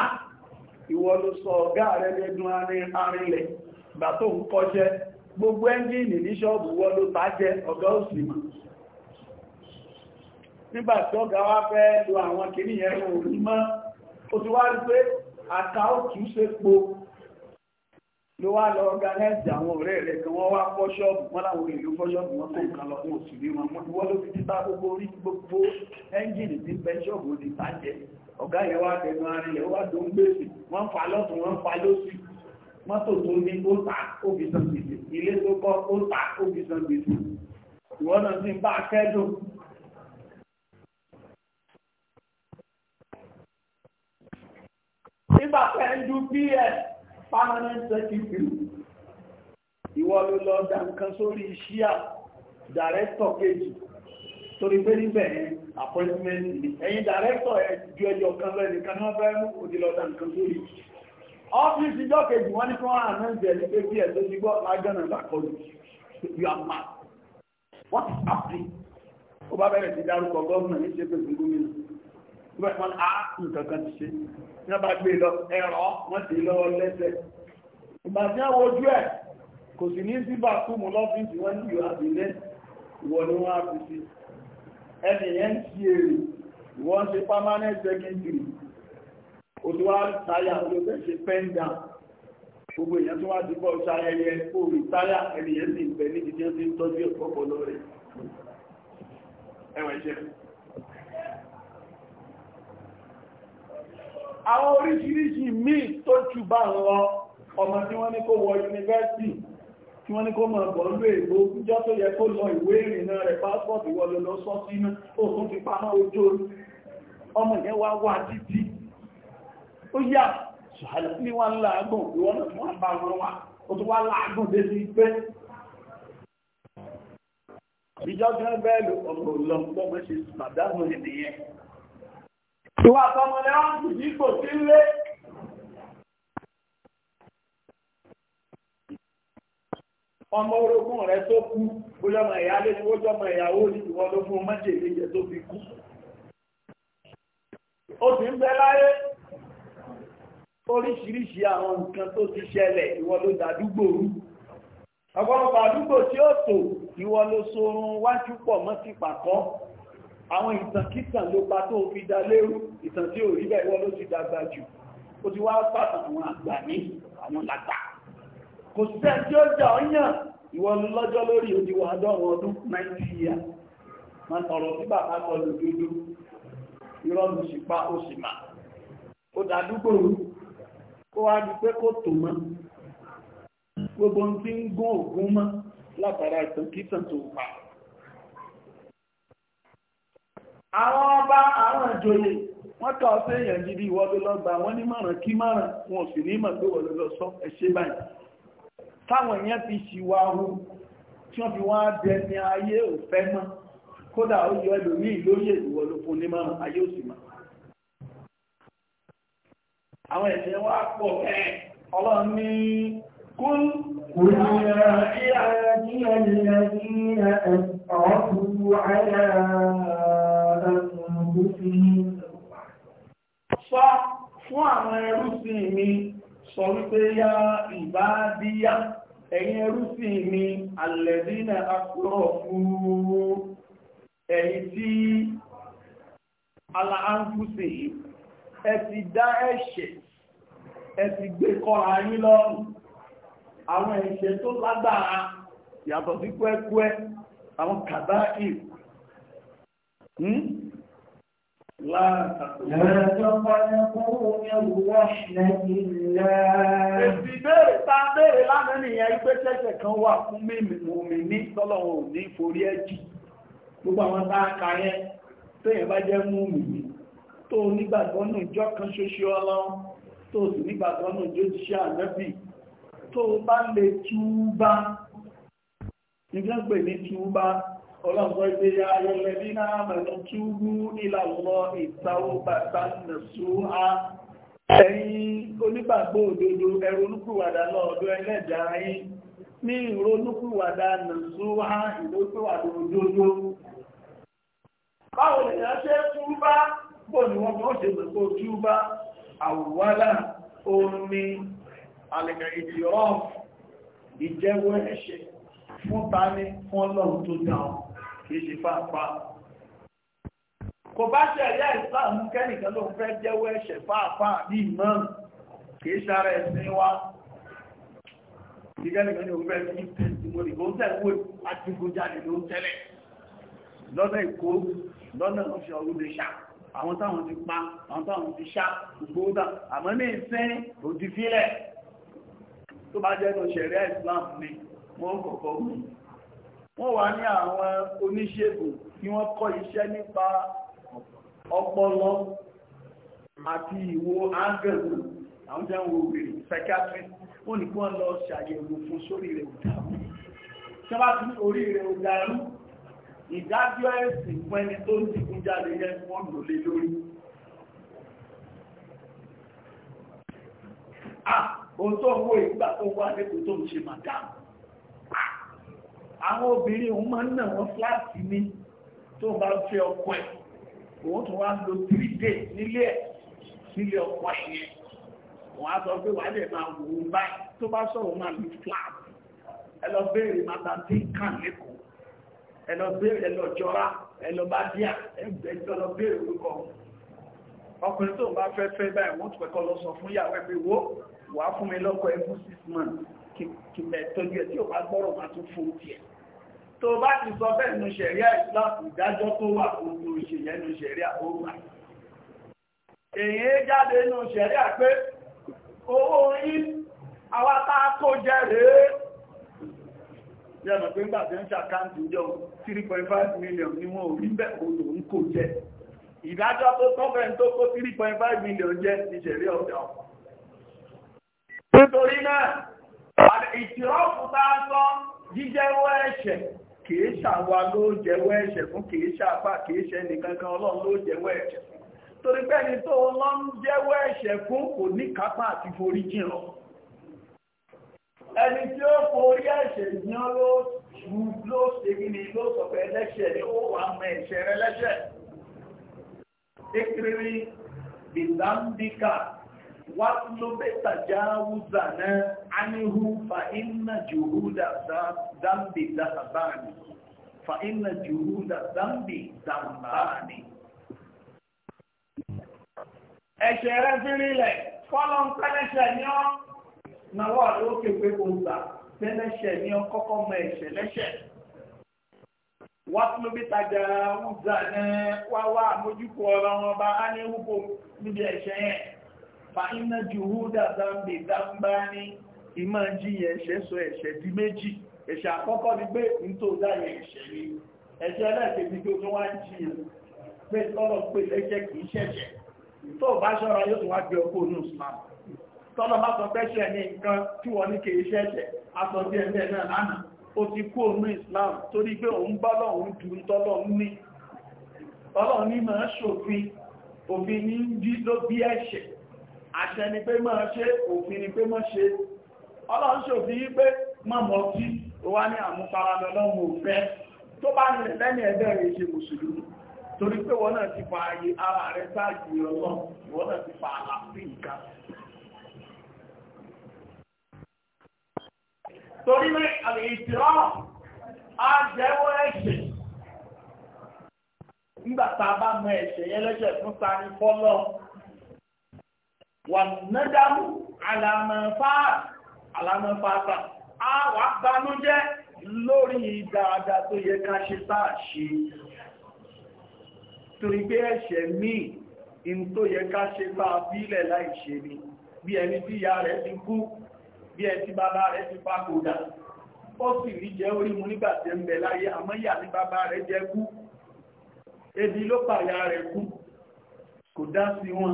ìwọ ló sọ ọ̀gá rẹ lẹ́dùn arìnlẹ̀ ìgbà tó ń kọ́ṣẹ́ gbogbo ẹ́ngìnì ní ṣọ́ọ̀bù wọ́n ló bá jẹ́ ọ̀gá òsìmọ̀ nígbà tí ọ̀gá wá fẹ́ lo àwọn kìíní yẹn ò rí mọ́ ó ti wá rí pé àká ó tù ú sépo ló wá lọ ọ̀gánáìsì àwọn ọ̀rẹ́ rẹ̀ kan wọ́n wá fọ́ ṣọ́ọ̀bù wọ́n láwọn ìlú fọ́ ṣọ́ọ̀bù wọn tó nǹkan lọ wọn ò sì rí wọn ló fi títà gbogbo orí gbogbo ẹ́ńjìnì tí ń bẹ ṣọ́ọ̀bù ti bàjẹ́ ọ̀gá yẹn wá tẹnu arìnrìn wá tó ń gbèsè wọ́n ń lọ́tún wọ́n ń fa mọ́tò tó ní ó tà ó fi san gbèsè ilé tó kọ́ ó tà ó san gbèsè ìwọ náà ń bá kẹ́dùn. nígbà tẹ́ ń ju ps permanent secretary ìwọ ló lọ dá nǹkan sórí ṣíà dàrẹ́tọ̀ kejì torí pé níbẹ̀ appointment ẹ̀yin dàrẹ́tọ̀ ẹ̀ ju ẹyọ kan lọ ẹnìkan náà fẹ́ mú òdìlọ́dà nǹkan sórí ṣíà ọ́fíìsì ìjọ kejì wọ́n ní kí wọ́n hàn náà jẹ̀lẹ̀ pé bí ẹ̀sọ́ ti gbọ́ lágbọ́nà ìbàkọlù you are mad what is happening ó bá bẹ̀rẹ̀ sí dárúkọ gọ́ọ̀nà ní ṣe pẹ̀lú gómìnà nígbà tí wọ́n á nǹkan kan ti ṣe ní wọ́n bá gbé e lọ ẹ̀rọ wọ́n sì lọ́wọ́ lẹ́sẹ̀ ìgbà tí wọ́n wojú ẹ̀ kò sì ní sí bàkúmù lọ́fíìsì wọ́n ní ìwà ìlẹ́ ìwọ ni wọ́n á fi sí ẹnìyẹn ń ṣe èrè ìwọ́n ṣe permanent secretary olúwa táyà olóòfẹ́ ṣe pẹ́ndà gbogbo èèyàn tó wá ti bọ́ ṣayẹyẹ orí táyà ènìyàn sì ń bẹ níbi tí ó ti ń tọ́jú ìpọ́pọ̀ lórí ẹwà iṣẹ́ àwọn oríṣiríṣi míì tó jù bá ń lọ ọmọ tí wọ́n ní kó wọ yunifásitì tí wọ́n ní kó mọ̀ bọ̀ ló ègbò jọ́ tó yẹ kó lọ ìwé ìrìnnà rẹ̀ pásọ̀tì wọlé lọ sọ́sínú òkun ti pamọ́ ojú ọmọ yẹn wá wá títí ó yà ṣùhálà ní wọ́n láàgùn ìwọ́n náà wọ́n bá wọn wà ó tún wá láàgùn dé sí pé ìjọ gan bẹ́ẹ̀ ló ọmọ òlọ́gbọ́mọ́ ṣe pàdánù ènìyàn tó wà sọmọ lẹ́wọ́n kù nípò sí lé ọmọ orogún rẹ̀ tó kú bójọ́mọ̀ ìyálé ni bójọ́mọ̀ ìyàwó ní ìwọ́n ló fún mọ́jẹ̀ ìrìnjẹ tó fi kú ó ti ń bẹ láyé oríṣiríṣi àwọn nǹkan tó ti ṣẹlẹ̀ ìwọ ló dàdúgbò rú ọ̀pọ̀lọpọ̀ àdúgbò tí ó tò ìwọ ló sorun wájú pọ̀ mọ́ ti pàkọ́ àwọn ìtànkítàn ló pa tó fi dá lérú ìtàn tí ò rí bẹ́ẹ̀ ìwọ ló ti dàgbà jù ó ti wá pàtàkì àwọn àgbà ní àwọn làgbà kò sẹ́ tí ó jà ọyàn ìwọ lọ́jọ́ lórí òdiwọ̀ àádọ́rùn ọdún 90 years ma sọ̀rọ̀ sí bàbá sọ lòdòdó irọ́ ó sì mà ó dàdúgbò rú kó wá di pé kò tó mọ́ gbogbo ń tí ń gún ògún mọ́ látara ìtàn kìtàn tó pa àwọn ọba àwọn ìjòyè wọ́n tọ́ sí èèyàn gidi ìwọ ló lọ́gbà wọ́n ní mọ̀ràn kí mọ̀ràn wọn ò sì ní mọ̀ pé wọ́n ló lọ sọ ẹ̀ṣẹ́ báyìí táwọn èèyàn ti ṣìwà ohun tí wọ́n fi wá bẹ ní ayé òfẹ́ mọ́ kódà ó yọ ẹlòmíì lóyè ìwọ ló fún ní mọ̀ràn ayé òsì mọ̀ àwọn ẹ̀ṣẹ̀ wá pọ̀ bẹ́ẹ̀ ọlọ́run ní kún kùnìyà ìyà tí ẹ̀lẹ́ tí ọ̀tù àyà sọ fún mi sọ wípé yá ìbádíyá ẹ̀yin fún yìí ẹ ti dá ẹ̀ṣẹ̀ ẹ ti gbé kọ́ra yín lọ́rùn àwọn ẹ̀ṣẹ̀ tó lágbára yàtọ̀ sí kúẹ́kúẹ́ àwọn kàbá ìlú لا تقنطوا من ní tọ́lọ̀wọ̀n ò ní forí Gbogbo àwọn tá a kà yẹn, bá jẹ́ mú mi tó nígbàgbọ́ nù ìjọ kan ṣoṣo ọlọ́run tó sì nígbàgbọ́ nù ìjọ ṣiṣẹ́ ànábì tó bá lè túbá ìjọ pè ní túbá ọlọ́gbọ́ ilé ayọ́lẹ̀ nínú àmàlù túbú ìlàlọ́ ìtawọ́bàtà nẹ̀sùhá ẹ̀yin onígbàgbọ́ òdodo ẹ̀rọnúkúwàdà lọ́ọ̀dọ̀ ẹlẹ́dà yín ní ìrònúkúwàdà nẹ̀sùhá ìlókúwàdà òdodo báwo lè yàn ṣe túbá bó ni wọ́n bọ́ ṣe gbogbo tí ó bá àwọ̀wálà omi alìkàìdìrọ́m ìjẹ́wọ́ ẹ̀ṣẹ̀ fún tani fún ọlọ́run tó dáun kìí ṣe fàápa kò bá ṣe ẹ̀yà ìsìláàmù kẹ́nìkan ló fẹ́ jẹ́wọ́ ẹ̀ṣẹ̀ fàápa bí imam kìí ṣára ẹ̀sìn wa ìgẹ́nìkan ni ó lọ́nà ìkó lọ́nà ọ̀ṣọ́ ọ̀rúdẹ̀ṣà àwọn táwọn ti pa àwọn táwọn ti ṣá gbogbo dà àmọ́ ní ìsìn òdìfílẹ̀ tó bá jẹ́ ní ṣẹ̀rẹ́ Islam ni wọ́n kọ̀kọ́ wù wọ́n wà ní àwọn oníṣègùn tí wọ́n kọ́ iṣẹ́ nípa ọpọlọ àti ìwò ángẹ̀lù àwọn jẹ́ ìdájọ́ ẹ̀sìn fún ẹni tó ń dìkún jáde yẹn wọ́n lò lé lórí ohun tó wó ìgbà tó wá lẹ́kùn tó ń ṣe madam àwọn obìnrin òun máa ń nà wọ́n fláàtì ní tó bá ń fẹ́ ọkọ ẹ̀ òun tó wá ń lo three days nílé ẹ̀ nílé ọkọ ẹ̀ yẹn wọ́n á sọ pé wà lè máa wò ó báyìí tó bá sọ̀rọ̀ máa lu flat ẹ lọ béèrè máa tí ń kàn lẹ́kọ̀ọ́ ẹlọ béèrè ẹlọ jọra ẹlọ bá díà ẹgbẹ̀jọ lọ béèrè orúkọ ọkùnrin tó bá fẹ́ fẹ́ báyìí wọ́n ti pẹ̀kọ́ lọ sọ fún ìyàwó ẹgbẹ́ wo wà fún mi lọ́kọ ẹgbẹ́ six months kì mẹ́ tọ́jú ẹ̀ tí ò bá gbọ́rọ̀ máa tún fún tiẹ̀ tó bá ti sọ bẹ́ẹ̀ nu ṣẹ̀ríà Islam ìdájọ́ tó wà fún òṣèyẹn nu ṣẹ̀ríà ó gbà èyí jáde nù ṣẹ̀ríà pé owó yí àwátá kó jẹ́ rèé yẹ́mọ̀ pé ńgbà tí ń ṣàkáǹtì ìjọ 3.5 million ni wọn ò rí ń kò jẹ ìdájọ́ tó tọ́fẹ́ tó 3.5 million jẹ́ ìṣẹ̀rí ọ̀dọ́ nítorí náà ń jíjẹ́wọ́ ẹ̀ṣẹ̀ kìí ló jẹ́wọ́ ẹ̀ṣẹ̀ fún kìí ṣàpá kìí nìkankan ọlọ́run ló jẹ́wọ́ ẹ̀ṣẹ̀ torí pé ẹni tó lọ jẹ́wọ́ ẹ̀ṣẹ̀ fún ẹni tí ó forí ẹ̀ṣẹ̀ yán ló ló ṣe kí ni ló sọ pé ẹlẹ́ṣẹ̀ ni ó wà mọ ẹ̀ṣẹ̀ rẹ lẹ́ṣẹ̀ ekiri bìlámbíkà wá ló bẹ́ tàjá wúzà náà ánihu fa iná jùhúdà dámbì dáhàbáàni fa iná jùhúdà dámbì dáhàbáàni ẹ̀ṣẹ̀ rẹ̀ fi rí lẹ̀ fọ́lọ́n pẹ́lẹ́ṣẹ̀ ni ó náwó àlókè pé kò gbà tẹ́lẹ̀ṣẹ̀ ní ọkọ́kọ́ mọ ẹ̀ṣẹ̀ lẹ́ṣẹ̀ wá tún bí tajà wúzà ní wá wá àmójúkú ọ̀rọ̀ wọn bá á ní wúkọ níbi ẹ̀ṣẹ̀ yẹn fa iná ju húdà zambi dáńbá ní ìmọ̀ jiyàn ẹ̀ṣẹ̀ sọ ẹ̀ṣẹ̀ di méjì ẹ̀ṣẹ̀ àkọ́kọ́ ni pé n tó dáyẹ ẹ̀ṣẹ̀ ni ẹ̀ṣẹ̀ ẹlẹ́ẹ̀kejì tó tún wá ń jiyàn pé tọ́lọ̀ pé ẹ̀ṣẹ̀ kì í ṣẹ̀ṣẹ̀ tó bá ṣọ́ra yóò tún wá gbé ọkọ̀ ònú ìsìlámù tọ́lọ bá sọ pẹ́ṣẹ̀ ní nǹkan tí wọ́n ní kèé ṣẹ́ṣẹ̀ aṣọ bí ẹgbẹ́ náà lánàá ó ti kú òun Islam torí pé òun bá lọ́run jù tọ́lọ ní tọ́lọ ní máa ṣòfin òfin ní dí ló bí ẹ̀ṣẹ̀ àṣẹ ni pé máa ṣe òfin ni pé máa ṣe ọlọ́run ṣòfin yí pé má mọ̀ tí ó torí pé wọ́n náà ti fa ààyè ara rẹ̀ sáàjì ọlọ́run wọ́n náà ti fa àlàáfíì kan torí pé ìtìrọ́ á jẹ́wọ́ ẹ̀ṣẹ̀ nígbà tá a bá mọ ẹ̀ṣẹ̀ yẹn lẹ́ṣẹ̀ fún sani fọ́lọ́ wà nẹ́dàmú àlàmọ́fà àlàmọ́fàtà á wà bánújẹ́ lórí dáadáa tó yẹ ká ṣe táà ṣe torí pé ẹ̀ṣẹ̀ míì in tó yẹ ká ṣe táà bílẹ̀ láìṣe ni bí ẹni tí ìyá rẹ̀ ti kú bí ẹ ti bàbá rẹ̀ ti fàkódà ó sì rí jẹ́ orí mu nígbà tí ń bẹ láyé àmọ́yà ní bàbá rẹ̀ jẹ́ kú ebi ló pàyà rẹ̀ kú kò dá sí wọn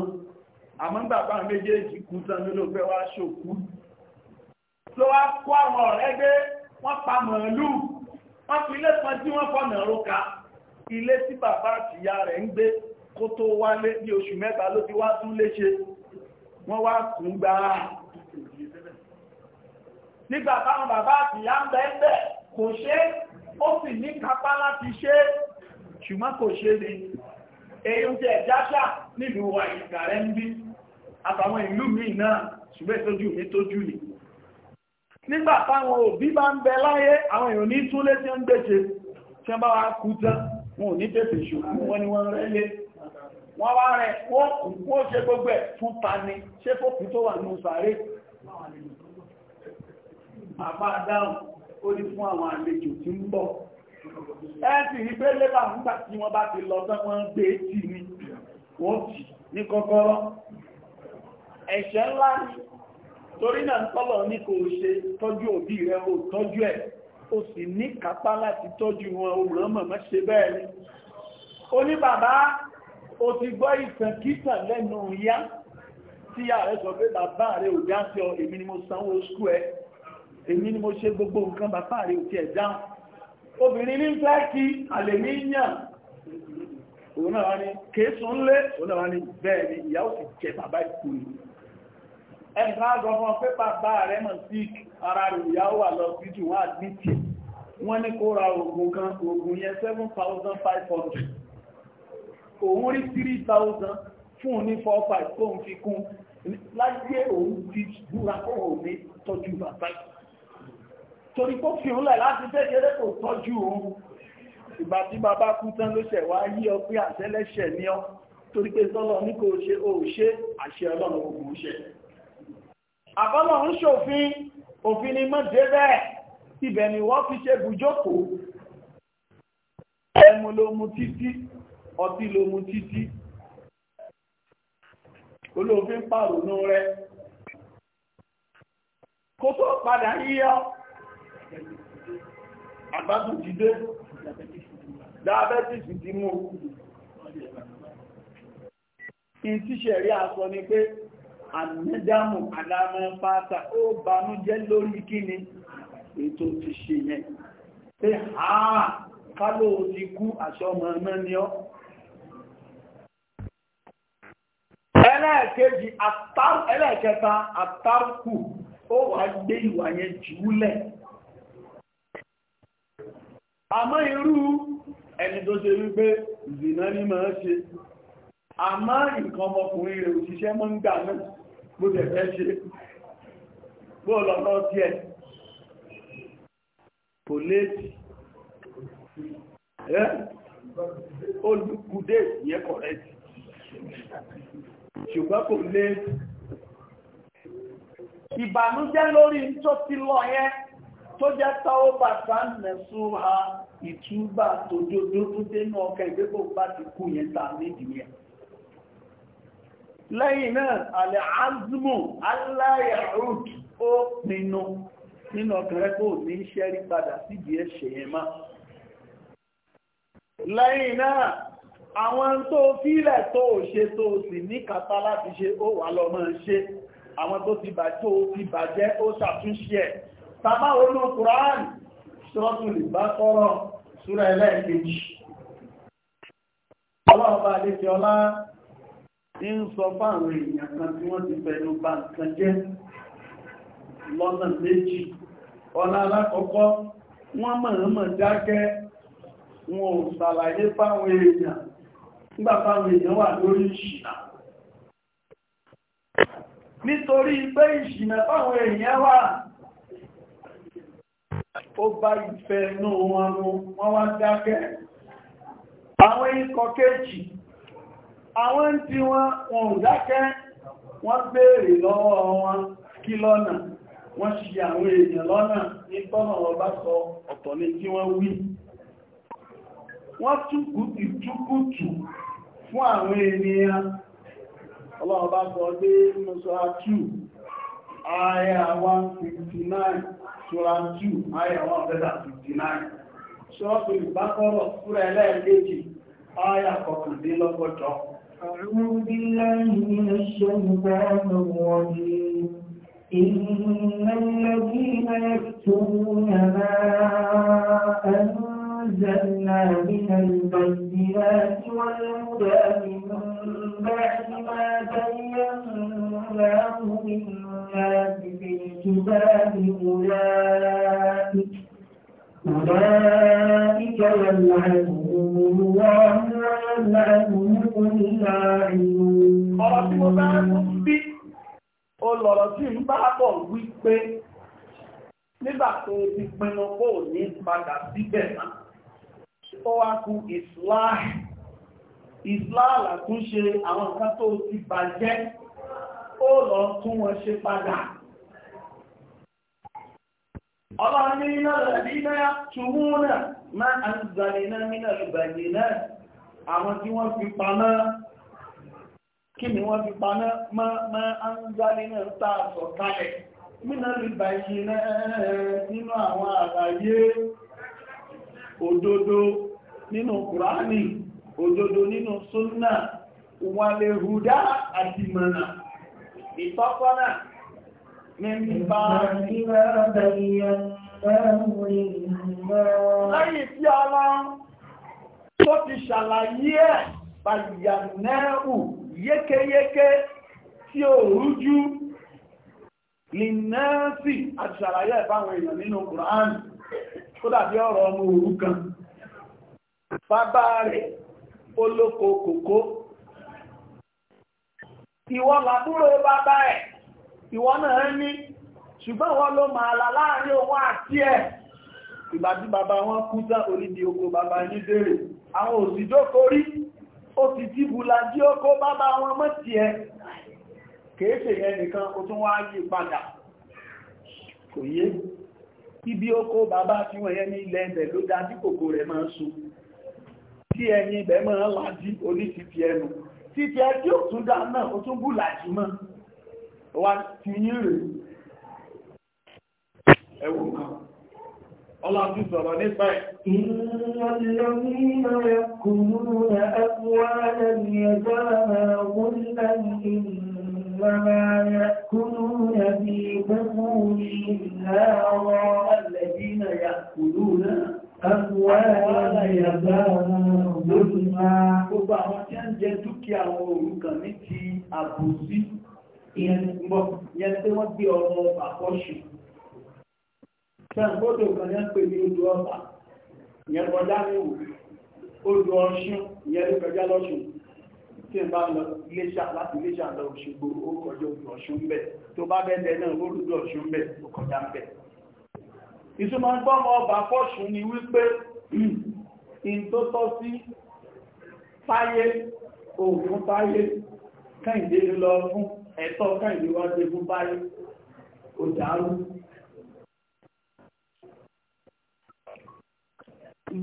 àmọ́ bàbá méjèèjì kú tán ló fẹ́ wá ṣòkú tó wá kó àwọn ọ̀rẹ́ gbé wọ́n pa màálù wọ́n fi ilé kan tí wọ́n fọ̀nà róka ilé tí bàbá àtìyá rẹ̀ ń gbé kó tó wálé bí oṣù mẹ́ta ló ti wá tún léṣe wọ́n wá kùn gbáà nígbà táwọn bàbá àtìyá ń bẹ́ bẹ́ kò ṣe ó sì ní kápá láti ṣe ṣùgbọ́n kò ṣe lè èyí jẹ́ jáṣà nílùú wa ìgbà rẹ̀ ń bí àtàwọn ìlú míì náà ṣùgbẹ́ tójú mi tójú ni nígbà táwọn òbí bá ń bẹ láyé àwọn èèyàn ní túnlé tí ó ń gbèṣe tí wọ́n bá wá kú tán wọn ò ní tètè ṣùgbọ́n wọ́n ni wọ́n rẹ̀ lé wọ́n wá rẹ̀ wọ́n kú ó ṣe gbogbo ẹ̀ fún ta ṣé fòkú tó wà ní sàárè àpá dáhùn ó ní fún àwọn àlejò tí ń bọ̀ ẹ sì rí pé lébà nígbà tí wọ́n bá ti lọ tán wọ́n gbé tì ní wọ́n tì ní kọ́kọ́rọ́ ẹ̀ṣẹ̀ ńlá ni torí náà tọ́lọ̀ ní kò ṣe tọ́jú òbí rẹ̀ ó tọ́jú ẹ̀ ó sì ní kápá láti tọ́jú wọn òwúrán mọ̀mọ́ ṣe bẹ́ẹ̀ ni ó bàbá ó ti gbọ́ ìtàn kíkàn lẹ́nu ìyá tí ààrẹ sọ pé bàbá rẹ̀ ò dá sí ọ èmi ni mo sanwó skú ẹ èmi ni mo ṣe gbogbo nǹkan bàbá rẹ̀ òkè ẹ̀dáhùn obìnrin ní fẹ́ kí àlèmí yàn òun náà wá ní kéésùn lé òun náà wá ní bẹ́ẹ̀ ni ìyàwó sì jẹ bàbá ìkú ni ẹnìkan àgọ́ fún pé bàbá rẹ̀ mọ̀ sí ara rẹ̀ ìyàwó wà lọ sí jù wọ́n àdìtì wọ́n ní kó ra oògùn kan oògùn yẹn 7500 òun rí 3000 fún ní 45 kóun fi kún láyé òun ti búra kóun ní tọ́jú bàbá ìkú torí kó fi ń lẹ̀ láti tẹ́jẹ́rẹ́ kò tọ́jú òun ìgbà tí bàbá kú tán ló ṣẹ̀ wá yí ọ pé àṣẹ́lẹ́ṣẹ̀ ní ọ torí pé sọ́lọ ní kò ṣe ó ṣe àṣẹ ọlọ́run ogun ṣẹ àbọ́lọ̀ ń ṣòfin òfin ni mọ́dé bẹ́ẹ̀ ibẹ̀ ni wọ́n fi ṣe bùjókòó ẹmu ló mu títí ọtí ló mu títí olóòfin pàrònú rẹ kó tó padà yíyọ àgbàtù ti dé diabetes ti mú ìtíṣẹ̀ rí aṣọ ni pé àmìdámù aláàmọ́ pátá ó banújẹ́ lórí kíni ètò ti ṣe yẹn pé àà kálò ti kú àṣọmọ̀ náà ni ọ́ ẹlẹ́ẹ̀kejì ẹlẹ́ẹ̀kẹta àtàrkù ó wà gbé ìwà yẹn jùúlẹ̀ àmọ́ irú ẹni tó ṣe wípé zìnà ní máa ṣe àmọ́ nǹkan ọmọkùnrin rẹ̀ òṣìṣẹ́ mọ́ ń gbà náà bó tẹ̀fẹ́ ṣe bó lọ́nà tí ẹ̀ kò léèkì ẹ́ olùkúdé yẹ kọ̀rẹ́tì ṣùgbọ́n kò léèkì ìbànújẹ́ lórí tó ti lọ yẹn tó jẹ́ táwọ́bà sáàmì súnra ìtúbà tó dódó tó dénú ọkà ìgbégbò bá ti kú yẹn ta nídìí ẹ̀ lẹ́yìn náà alẹ́ azmù aláyàrùd ó pinnu nínú ọkàrẹ́ kó ní iṣẹ́ rí padà síbi ẹ̀ṣẹ̀ yẹn má lẹ́yìn náà àwọn tó fílẹ̀ tó ṣe tó sì ní kàtà láti ṣe ó wà lọ́mọ ṣe àwọn tó ti bàjẹ́ ó ṣàtúnṣe ẹ̀ tàbá olú kùránì sọ́tún lè bá kọ́rọ̀ súra ẹlẹ́ẹ̀kejì ọlọ́ọ̀bá àdéjẹ́ ọlá ń sọ fáwọn èèyàn kan tí wọ́n ti fẹ̀lú bá nǹkan jẹ́ lọ́nà méjì ọlá alákọ̀ọ́kọ́ wọ́n mọ̀ọ́mọ̀ dákẹ́ wọn ò sàlàyé fáwọn èèyàn nígbà fáwọn èèyàn wà lórí ìṣìnà nítorí pé ìṣìnà fáwọn èèyàn wà ó bá ìfẹ́ inú wọn mú wọ́n wá dákẹ́ àwọn ikọ̀ kejì àwọn tí wọ́n wọn ò dákẹ́ wọ́n béèrè lọ́wọ́ wọn kí lọ́nà wọ́n ṣe àwọn èèyàn lọ́nà ní tọ́nà ọba sọ ọ̀tọ̀ ní tí wọ́n wí wọ́n túkù fún àwọn ènìyàn ọlọ́ọ̀bá sọ dé mọ́sọ́ àtù ààyà 159 ṣúra 2 àyà 159 ṣọ́ọ̀tù ìbákọ́rọ̀ fúra ẹlẹ́ẹ̀kejì àyà kọkàndínlọ́gọ́jọ أعوذ بالله من الشيطان الرجيم إن الذين يكتمون ما أنزل أنزلنا من البينات والهدى من بعد ما بيناه للناس في الكتاب أولئك أولئك يلعنهم الله ويلعنهم اللاعنون. ọ̀rọ̀ tí olọ̀rọ̀ tí ń bá bọ̀ wípé nígbà tó ti pinnu kó ní padà síbẹ̀ náà ó wá kú islah islah àtúnṣe àwọn nǹkan tó ti bàjẹ́ ó lọ tún wọn ṣe padà ọlọ́run ní iná rẹ̀ ní náà túnmú náà máa ń zàrìnà nínà ìbàjì náà àwọn tí wọ́n fi paná kí ni wọ́n fi paná máa ń zàrìnà tàà sọ̀kalẹ̀ nínà ìbàjì náà nínú àwọn àlàyé òdodo nínú kùránì òdodo nínú súnnà wàlẹ̀ hùdá àti mọ̀nà ìtọ́kọ́nà mẹ́mbà lẹ́yìn tí ọlá tó ti ṣàlàyé ẹ̀ pàyànẹ́rù yékéyéké tí ó rújú lìnẹ́ẹ̀sì àti ṣàlàyé ẹ̀ fáwọn èèyàn nínú kùránì kó dàbí ọ̀rọ̀ ọmọ òrukàn bàbá rẹ̀ olóko kòkó ìwọ làbúrò bàbá ẹ̀ ìwọ náà ní ṣùgbọ́n wọ́n ló máa là láàrin òun àti ẹ̀ ìgbà tí bàbá wọn kú tán orídìí oko bàbá ní bèèrè àwọn òsìjókó rí ó ti tí bùlájí oko bàbá wọn mọ́ ti ẹ kèéṣe yẹn nìkan ó tún wá yí padà kò yé ibi oko bàbá tí wọ́n yẹ ní ilẹ̀ ẹ̀bẹ̀ ló dá tí kòkó rẹ̀ máa ń sùn tí ẹyin ibẹ̀ máa ń lajú orí títí ẹnu títí ẹ tí ó tún dá náà ó tún bù làjú mọ́ wa ti yín rè é kan ọlọ́dún sọ̀rọ̀ nípa ẹ̀. Ìrìnàlẹ́mìnà ẹkùnrin ẹkùnrin ẹgbẹ̀rẹ̀ ọgbọ̀nlẹ̀ ìrìnàlẹ́ ẹkùnrin ẹbí gbogbo ìrìnàlẹ́ ẹkùnrin ẹkùnrin Gbogbo àwọn tí a ń jẹ dúkìá àwọn òrukàn ní ti àbòsí ìyẹn tí wọ́n gbé ọmọ àkọ́ṣù. Ṣàgbọ́dọ̀ kan ní pè ní odò ọba, ìyẹn kọjá ní òwú, odò ọṣún, ìyẹn ló kọjá lọ́ṣùn. Tí n bá lọ iléṣà láti iléṣà lọ Òṣogbo, ó kọjá odò ọṣún bẹ̀. Tó bá bẹ́ẹ̀ náà, ó rúdò ọṣún bẹ̀, ó kọjá bẹ̀ ìtumọ̀ gbọ́mọ̀ ọba fọ́ṣù ni wípé in tó tọ́ sí táyé òògùn táyé kẹ́yìndé lọ fún ẹ̀tọ́ kẹ́yìndé wá dé fún táyé òjàrú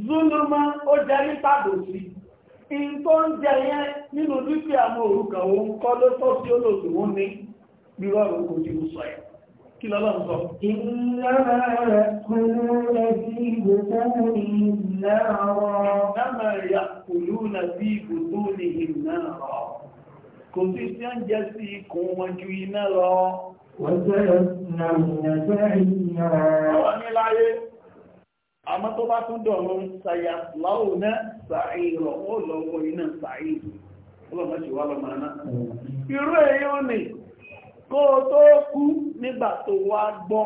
zuluma ó jẹ nítàdò sí in tó ń jẹ yẹn nínú dúkìá mọ́ òrukàn òun kọ́ ló tọ́ sí olóògùn ó ní bí rọrùn kò jí sọ ẹ̀ kí lọ́lọ́run sọ. Ìlànà kùlú nàbí ìbùtó ní ìnáàrọ̀. Ìlànà ìyà kùlú nàbí ìbùtó ní ìnáàrọ̀. Kò sí sí ń jẹ́ sí ikùn wọn ju iná lọ. Wọ́n jẹ́ àmọ́ tó bá tún dọ̀rọ̀ ṣàyà láò náà ṣàìrọ̀ ó kó o tó kú nígbà tó wá gbọ́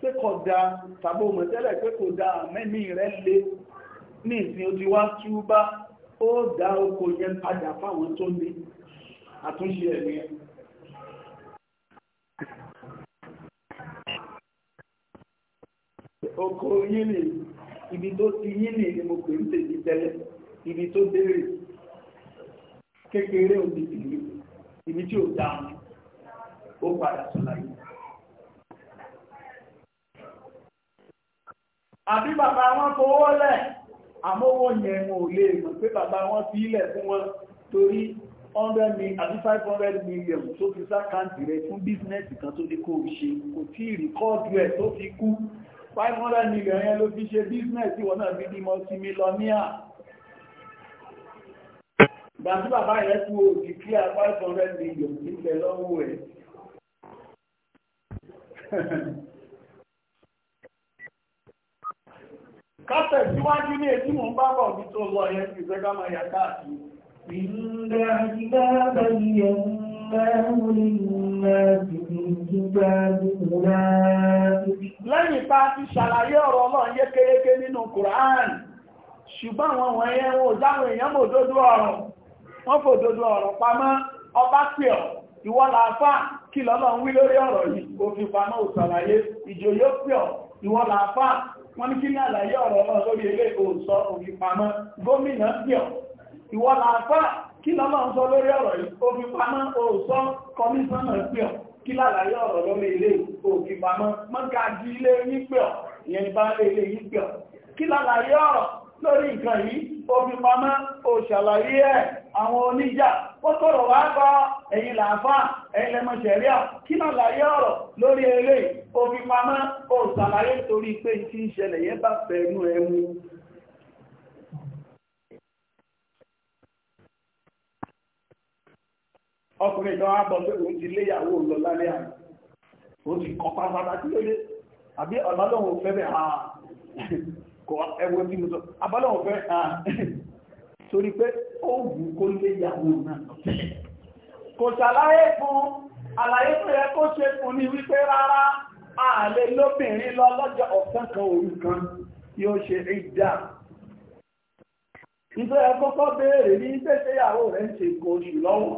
pé kò dáa tàbí o mọ̀ tẹ́lẹ̀ pé kò dáa mẹ́mí rẹ̀ le ní ìsìn o ti wá túbá ó dá oko yẹn padà fáwọn tó ní àtúnṣe ẹ̀mí ẹ̀ oko yín ibi tó ti yín ni ni mo pè ń tèmi tẹ́lẹ̀ ibi tó bẹ̀rẹ̀ kékeré òbí tìlú ibi tí ò dáa ó padà ṣàlàyé. àbí bàbá wọn fowó lẹ̀ àmówó yẹn wọn ò lè mọ̀ pé bàbá wọn fi ilẹ̀ fún wọn torí 100 million àti 500 million tó fi sákàǹtì rẹ̀ fún bísínẹ́sì kan tó ní kó ṣe kò tí ìrìkọ́ọ̀dù ẹ̀ tó fi kú 500 million yẹn ló fi ṣe bísínẹ́sì wọ́n náà fi di multimillionaire gbàtí bàbá yẹn kú òjì kí 500 million nílẹ̀ lọ́wọ́ ẹ̀ kátẹ̀ síwájú ní ètí mò ń bá bọ̀ bí tó lọ yẹn ti fẹ́ká máa yà káàkiri Lẹ́yìn pa ti ṣàlàyé ọ̀rọ̀ náà yékéyéké nínú Kùránì, ṣùgbọ́n èèyàn mò dódó ọ̀rọ̀, wọ́n fò dódó ọ̀rọ̀ pamọ́, ọba pẹ̀ kí lọ́lọ́ ń wí lórí ọ̀rọ̀ yìí òfin pamọ́ òsàlàyé ìjò yóò pè ọ́ ìwọ́n là fà wọ́n ní kí ní àlàyé ọ̀rọ̀ náà lórí ilé òsọ òfin pamọ́ gómìnà pè ọ́ ìwọ́n là fà kí lọ́lọ́ ń sọ lórí ọ̀rọ̀ yìí òfin pamọ́ òsọ kọmíṣánná pè ọ́ kí lálàyé ọ̀rọ̀ lórí ilé òfin pamọ́ àwọn oníjà ó tọ́rọ̀ wá bá ẹ̀yin làáfà ẹ̀yin lẹ́mọ̀ ṣẹ̀ríà kí náà láyé ọ̀rọ̀ lórí eré òfin pamọ́ ó ṣàlàyé torí pé tí ń ṣẹlẹ̀ yẹn bá fẹ̀ẹ́nú ẹmu ọkùnrin ìjọ wá bọ̀ pé òun ti léyàwó lọ lálẹ́ àná ó ti kọ́ pátápátá kí ló àbí ọ̀làlọ́wọ̀n fẹ́ bẹ̀ àà kọ́ ẹwọ́ tí mo sọ abọ́lọ́wọ̀n fẹ́ àà ah. torí pé ó wù kó lé yàwó náà lọ́tẹ́lẹ̀ kò ṣàlàyé fún àlàyé tó yẹ kó ṣe fún ní wípé rárá ààlè lóbìnrin lọ lọ́jọ́ ọ̀sán kan òru kan yóò ṣe ìdá nítorí ẹ kọ́kọ́ béèrè ní pèsè ìyàwó rẹ̀ ń ṣe nǹkan oṣù lọ́wọ́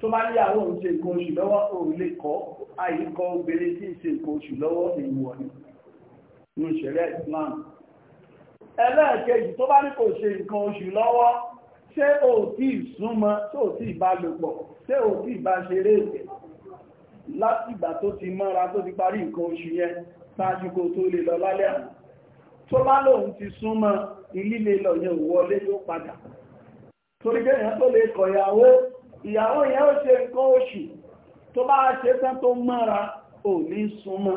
tó bá níyàwó ń ṣe nǹkan oṣù lọ́wọ́ ò lè kọ́ àyíkọ́ obìnrin tí ń ṣe nǹkan oṣù lọ́wọ́ èèwọ̀ ni ní ìṣẹ̀lẹ̀ Islam ẹlẹ́ẹ̀kejì tó bá ní kò ṣe nǹkan oṣù lọ́wọ́ ṣé ò tí súnmọ́ tó ò tí bá lòpọ̀ ṣé ò tí bá ṣeré ètè láti ìgbà tó ti mọ́ra tó ti parí nǹkan oṣù yẹn ṣáájú kó tó lè lọ lálẹ́ àná tó bá lòun ti súnmọ́ ilé lọ yẹn ò wọlé yóò padà torí kéèyàn tó lè kọ̀yàwó ìyàwó yẹn ó ṣe nǹkan oṣù tó bá ṣe tán tó mọ́ra ò ní súnmọ́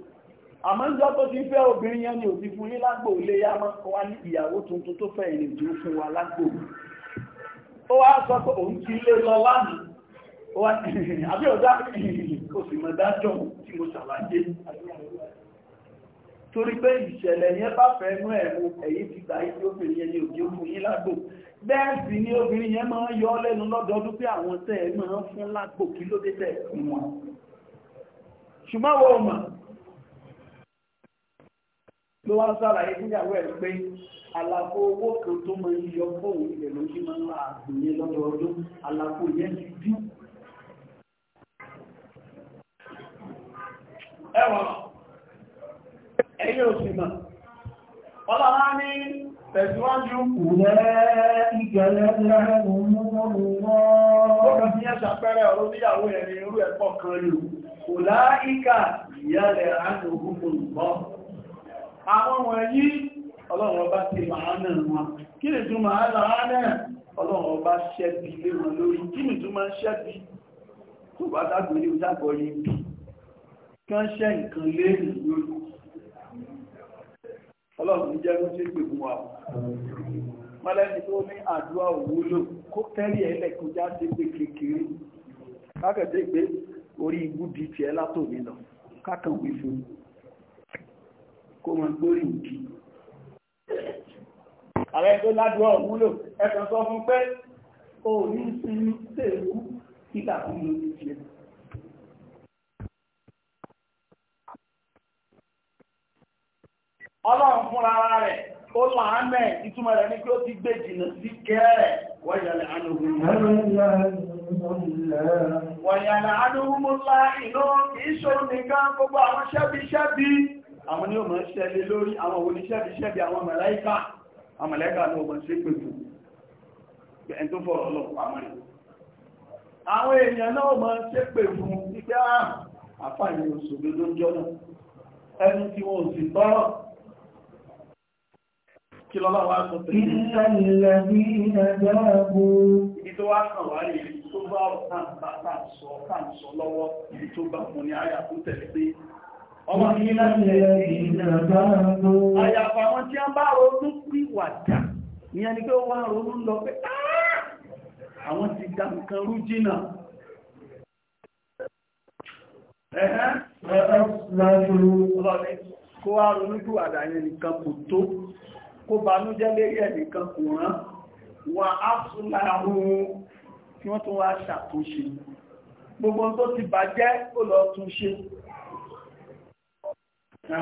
àmọ́ ń jọ́ tó ti fẹ́ obìnrin yẹn ni òbí fún yín lágbò ilé yá mọ́ kó wá ní ìyàwó tuntun tó fẹ́ ìrìn tó fún wa lágbò ó wá sọ pé òun ti lé lọ lánàá ó wá àbí ọ̀dá kò sì mọ̀ dájọ́ tí mo ṣàlàyé torí pé ìṣẹ̀lẹ̀ yẹn bá fẹ́ nú ẹ̀mú ẹ̀yí ti gbà yí obìnrin yẹn ni òbí fún yín lágbò bẹ́ẹ̀ sì ló wá sàlàyé níyàwó ẹ̀ pé àlàfo owó kan tó máa ń yọ fóun ilẹ̀ ló ṣe máa ń wà àgbòyẹ lọ́dọọdún àlàfo yẹn ti dín. ẹ̀wọ̀n ẹ̀yìn òsì mọ̀ ọlọ́lá ní tẹ̀síwájú kù lẹ́ ìgẹ̀lẹ́ lẹ́rùn mú mọ́rùn-ún àwọn wọ̀nyí ọlọ́run ọba ti máa náà wọn kí ni tún máa lára náà ọlọ́run ọba ṣẹ́bi lé wọn lórí kí ni tún máa ṣẹ́bi tó bá dágbé ní ìjágbọ́ yìí bí kán ṣẹ́ nǹkan léèrè lórí ọlọ́run jẹ́ ló ṣe pè fún wa mọ́lẹ́ni tó ní àdúrà òwúlò kó tẹ́rì ẹ̀lẹ́ kó já sí pé kékeré kákẹ̀dé pé orí ibú di tiẹ̀ látòmí lọ kákan wí fún un kó mọ gbórí ìkí ààrẹ tó lájúwọ́ sọ fún pé o ní sí tèèkú títà fún mi ní ṣe ọlọ́run fúnra rẹ̀ ó láàmẹ́ ìtumọ̀ rẹ̀ ní kí ó ti gbé jìnà sí kẹ́ẹ̀rẹ̀ àwọn ni ó mọ̀ ṣẹlẹ̀ lórí àwọn oníṣẹ́bíṣẹ́bí àwọn mẹ̀láíkà àwọn mẹ̀láíkà ní ọmọ ṣe pẹ̀lú ẹni tó fọ́ ọlọ́pàá mọ́rin àwọn èèyàn náà mọ̀ ṣe pè fún ìgbé ah, àfààní òṣòdodo jọ́nà ẹni tí wọ́n sì tọ́rọ̀ kí lọ́lá wá sọ pẹ̀lú ibi tó wá kàn wá rí tó sọ lọ́wọ́ tó bá fún ní àyà tẹ̀lé ọmọ ìlànà ìdàgbàgbò àyàfà wọn tí a bá ronú pìwàdà ní ẹni pé wọ́n ronú lọ pé ah! àwọn ti dá nǹkan rú jìnà kó wá ronú pìwàdà yẹn nìkan kò tó kó banújẹ́ lérí ẹ̀ nìkan kò rán wà á tún láàrùn tí wọ́n tún wá ṣàtúnṣe gbogbo tó ti bàjẹ́ ó lọ túnṣe Kò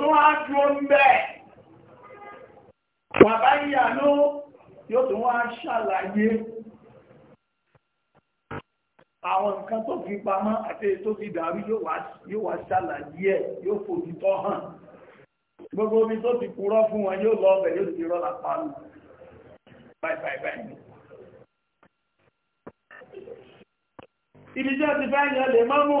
tó wá dúró ń bẹ́ bàbá ìyànú yóò tó wá ṣàlàyé àwọn nǹkan tó fi pamọ́ àti tó fi dàrú yóò wá ṣàlàyé ẹ̀ yóò fòjì tọ́ hàn gbogbo omi tó ti purọ́ fún wọn yóò lọ ọbẹ̀ yóò ti rọ́ lápá lù báyìí báyìí báyìí ibi tí a ti fẹ́ yẹn lè mọ́mù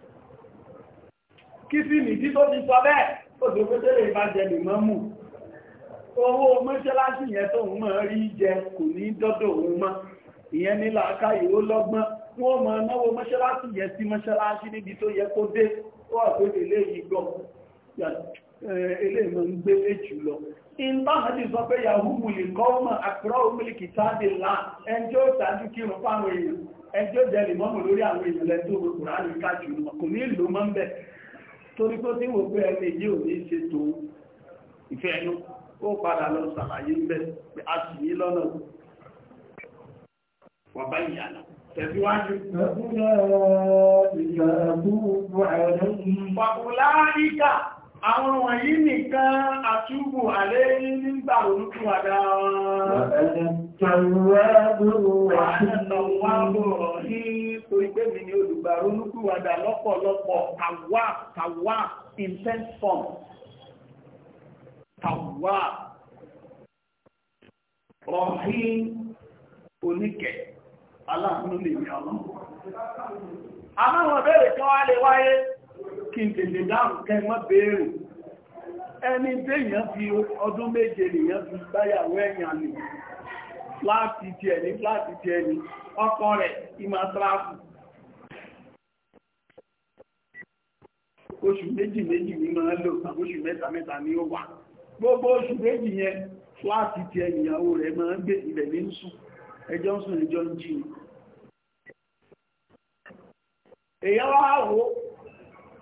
kí sí nìdí tó ti sọ bẹ́ẹ̀ ó sì pé tẹ́lẹ̀ ìbàjẹ́ lè mọ́ mù owó mọ́ṣáláṣí yẹn tó ń mọ̀ rí jẹ kò ní dọ́dọ̀ òun mọ́ ìyẹn ní làákàyè ó lọ́gbọ́n wọ́n mọ̀ náwó mọ́ṣáláṣí yẹn sí mọ́ṣáláṣí níbi tó yẹ kó dé wọ́n àgbélé léyìí gbọ́ eléèmọ̀ ń gbé léjù lọ. Ìbá àti sọ pé Yahuwu lè kọ́ ọmọ àkúrọ̀ omílìkì tàbí láà ẹjọ́ ìtàjú kírun fáwọn èèyàn, ẹjọ́ jẹ́ lè mọ́mù lórí àwọn èèyàn lẹ́tọ́ Kùránì kájú kò ní ìlú mọ́ ń bẹ̀. torí tó tí wò pé ẹni yìí ò ní ṣe tó ìfẹ́ ẹnu ó padà lọ sàlàyé ń bẹ a sì yí lọ́nà wà bá ìyànà tẹ̀síwájú. Ẹ̀kúnlẹ̀ àwọn wọ̀nyí nìkan àtúgbò alẹ́ nígbà olúkú àdá ọrụ olùgbàrónúkúwàdà lọ́pọ̀lọpọ̀ tàwà ọrụ intense form tàwà ọ̀hín oníkẹ̀ aláàánú wá lè wáyé kí n tètè dáhùn kẹ́ bèèrè ẹni téèyàn fi ọdún méje fi gbáyàwó ẹ̀yàn nì láti ti ẹni láti ti ẹni ọkọ rẹ̀ oṣù méjì méjì ní máa lò oṣù mẹ́ta mẹ́ta ní ó wà gbogbo oṣù méjì yẹn láti ti rẹ̀ máa ń gbé ilẹ̀ ní sùn ẹjọ́ sùn ẹjọ́ ń èyàn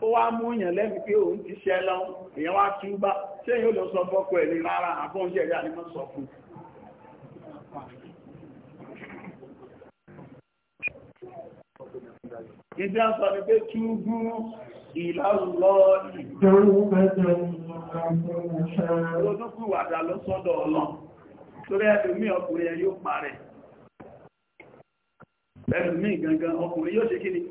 ó wá mú yàn lẹ́mìí pé òun ti ṣẹ́ lọ èèyàn wá tú bá ṣé yóò lọ sọ fọ́kọ ẹ̀ ní rárá àbọ̀nṣẹ́ ìyá ni wọ́n sọ fún Ìdí gangan ọkùnrin yóò ṣe kí ni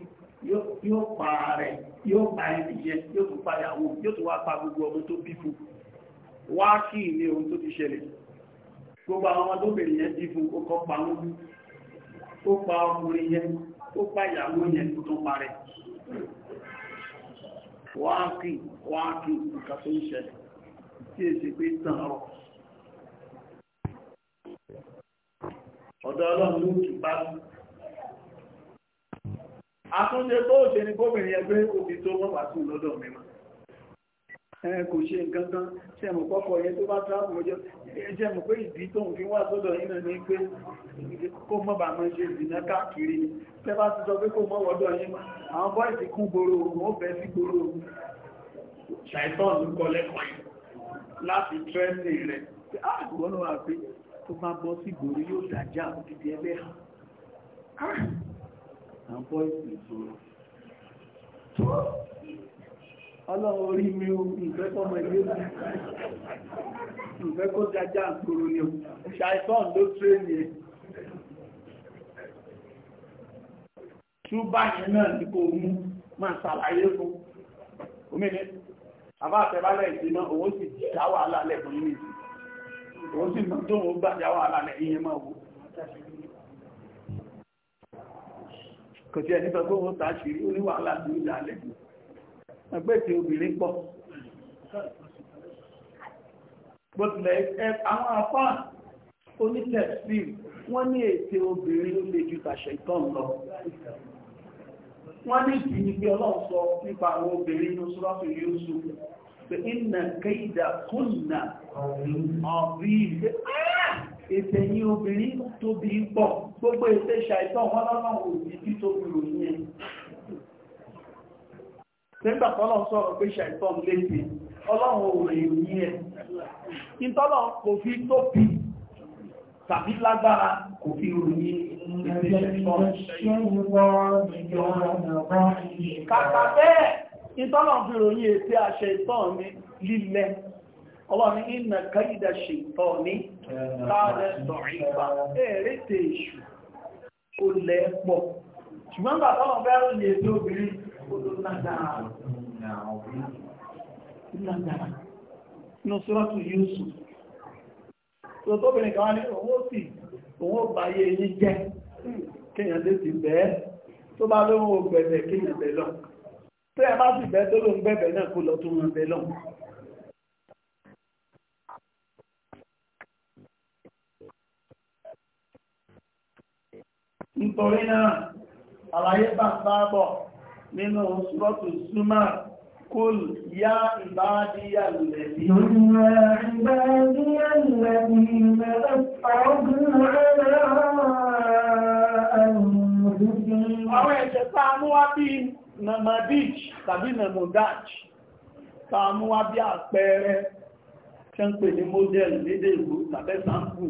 yóò pa rẹ̀ yóò pa ẹni yẹ yóò tún payàwó yóò tún wá pa gbogbo ọmọ tó bí fún wá kí ní ohun tó ti ṣẹlẹ̀ gbogbo àwọn ọmọ tó bèèrè yẹn bí fún ó kọ́ pa wọn bí ó pa ọkùnrin yẹn ó pa ìyàwó yẹn tó tún pa rẹ̀ wá kí wá kí nǹkan tó ń ṣẹlẹ̀ tí èsì pé tàn ọ̀rọ̀ ọ̀dọ̀ ọlọ́run ló kì bá àtúnṣe tó ṣe ní gómìnrin ẹgbẹ́ omi tó wọ́n wà tún lọ́dọ̀ mẹ́mà ẹ kò ṣe nǹkan kan ṣẹmù pọ́pọ̀ yẹn tó bá tráàpù ọjọ́ ṣẹmù pé ìdí tó ń fi wá sọ́dọ̀ yìí náà ní pé kó mọ́ bà mọ́ ṣe ìdìnà káàkiri ni tẹ́ bá ti sọ pé kó mọ́ wọ́dọ̀ yìí mà àwọn bọ́ìsì kún gbòòrò òun ó bẹ́ sí gbòòrò òun ṣàìtàn ló kọ lẹ́kọ̀ọ́ yìí láti tírẹ́sì rẹ̀ àgbọ̀nà ah, àgbẹ̀ tó bá bọ́ sí gbòòrò yóò dájá òkìtì ẹlẹ́hàn ah! and voice is low. Ọlọ́run orí mi o, ìfẹ́ kọ́ ilé mi. Ìfẹ́ jajá ni o. Ṣàìsàn ló tré ni ẹ. Túbá náà ní kò mú, máa ṣàlàyé fún. Omi ni, àbá àtẹ̀bálẹ̀ ìdíná, òun sì dá wàhálà ní Òun sì kò tí ẹni sọ pé wọ́n tàṣírí ó ní wàhálà ní ìlà alẹ́ ẹgbẹ́ tí obìnrin pọ̀ bó tilẹ̀ àwọn afá onítẹ̀sí wọ́n ní ètè obìnrin ó lè ju tàṣẹ ìtàn lọ wọ́n ní ìdí ni pé ọlọ́run sọ nípa àwọn obìnrin ní sọ́rọ́sì yóò sọ pé ìnà kéìdà kùnà ọ̀rí ìgbé ìtẹ̀yìn obìnrin tóbi ń pọ̀ gbogbo ìṣe ṣàìtọ́ wọn lọ́nà òbí tí tóbi ròyìn ẹ̀ nígbà tọ́lọ̀ sọ̀rọ̀ pé ṣàìtọ́ léèdè ọlọ́run òòrùn ìròyìn ẹ̀ ìtọ́lọ̀ kò fi tóbi tàbí lágbára kò fi ròyìn ìtọ́lọ̀ fi ròyìn ètè àṣẹ ìtọ́ ní lílẹ̀ ọlọ́run ìnà kẹ́ìdà ṣe ìtọ́ ní káàrẹ̀ sọ̀rìnbà ẹ̀rẹ́ tẹ èṣù ó lẹ́ pọ̀ ṣùgbọ́n bà tọ́lọ̀ fẹ́ rò ní ètò obìnrin ó ló lágbára nínú sọ́rọ̀tù yóò tó tóbìnrin kan wá ní òun ó sì òun ó báyé yí jẹ́ kéèyàn lè ti bẹ́ẹ̀ tó bá lóhun ògbẹ̀bẹ̀ kéèyàn bẹ̀ lọ tó ẹ bá sì bẹ́ẹ̀ tó lóhun bẹ̀bẹ̀ náà kó lọ tó wọn bẹ̀ lọ́wọ́ nítorí náà àlàyé bá ń bá bọ̀ nínú ṣúrọ́tù súnmọ́ kúl yá ìbáadíyà lẹ̀bí àwọn ẹ̀ṣẹ̀ tààmúwá bí namadij tàbí namodaj tààmúwá àpẹẹrẹ tí ń pè ní model lédè ìlú tàbí sample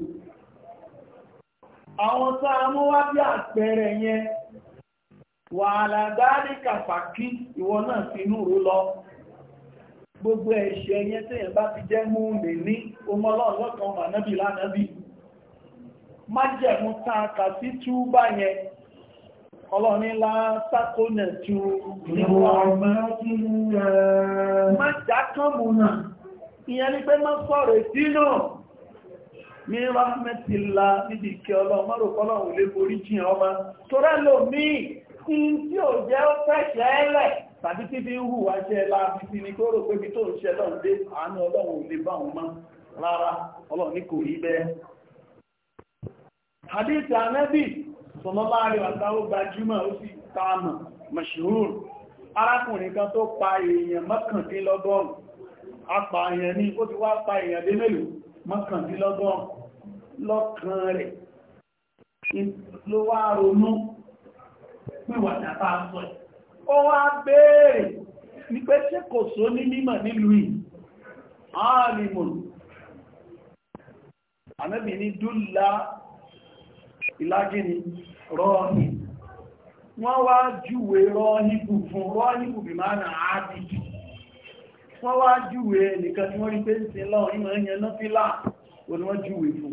àwọn tá a mú wá bí àpẹẹrẹ yẹn wàhálà dáadé kàfàkí ìwọ náà fi núró lọ gbogbo ẹ̀ṣẹ̀ yẹn tí yẹn ti jẹ́ mú lè ní omọlọ́ọ̀lọ́kan mànábì lánàbì májẹ̀mú tá a sí túbá yẹn ọlọ́nilá sákónà tú nípa ọmọ ìyẹn ni pé má sọ̀rọ̀ ìdí ní rahmatila níbi ìkẹ́ ọlọ́run ọlọ́run lè borí jìn ọmọ torá lò mí tí tí ò jẹ́ ó fẹ́ṣẹ́ ẹlẹ̀ tàbí tí fi ń ni kó rò pé bí tó ń ṣe dé àánú ọlọ́run ò lè bá rárá ọlọ́run ní kò rí bẹ́ẹ̀ àtàwọn gbajúmọ̀ ó kan tó pa èèyàn mọ́kàndínlọ́gọ́rùn-ún apààyàn ni ó ti pa èèyàn dé mélòó lọ́kàn rẹ̀ ló wá ronú pìwàdà bá sọ ẹ̀ ó wá béèrè ní pé ṣé kò só ní mímọ̀ nílùú yìí ààrìmọ̀ ànábì ní dúlá ìlágíní rọ́ọ̀hì wọ́n wá júwe rọ́ọ̀hìbù fún rọ́ọ̀hìbù bí máa nà ábìjì wọ́n wá júwe nìkan tí wọ́n rí pé ń sin lọ́ọ̀ ìmọ̀ ẹ̀yẹn náà fílà òní wọ́n fún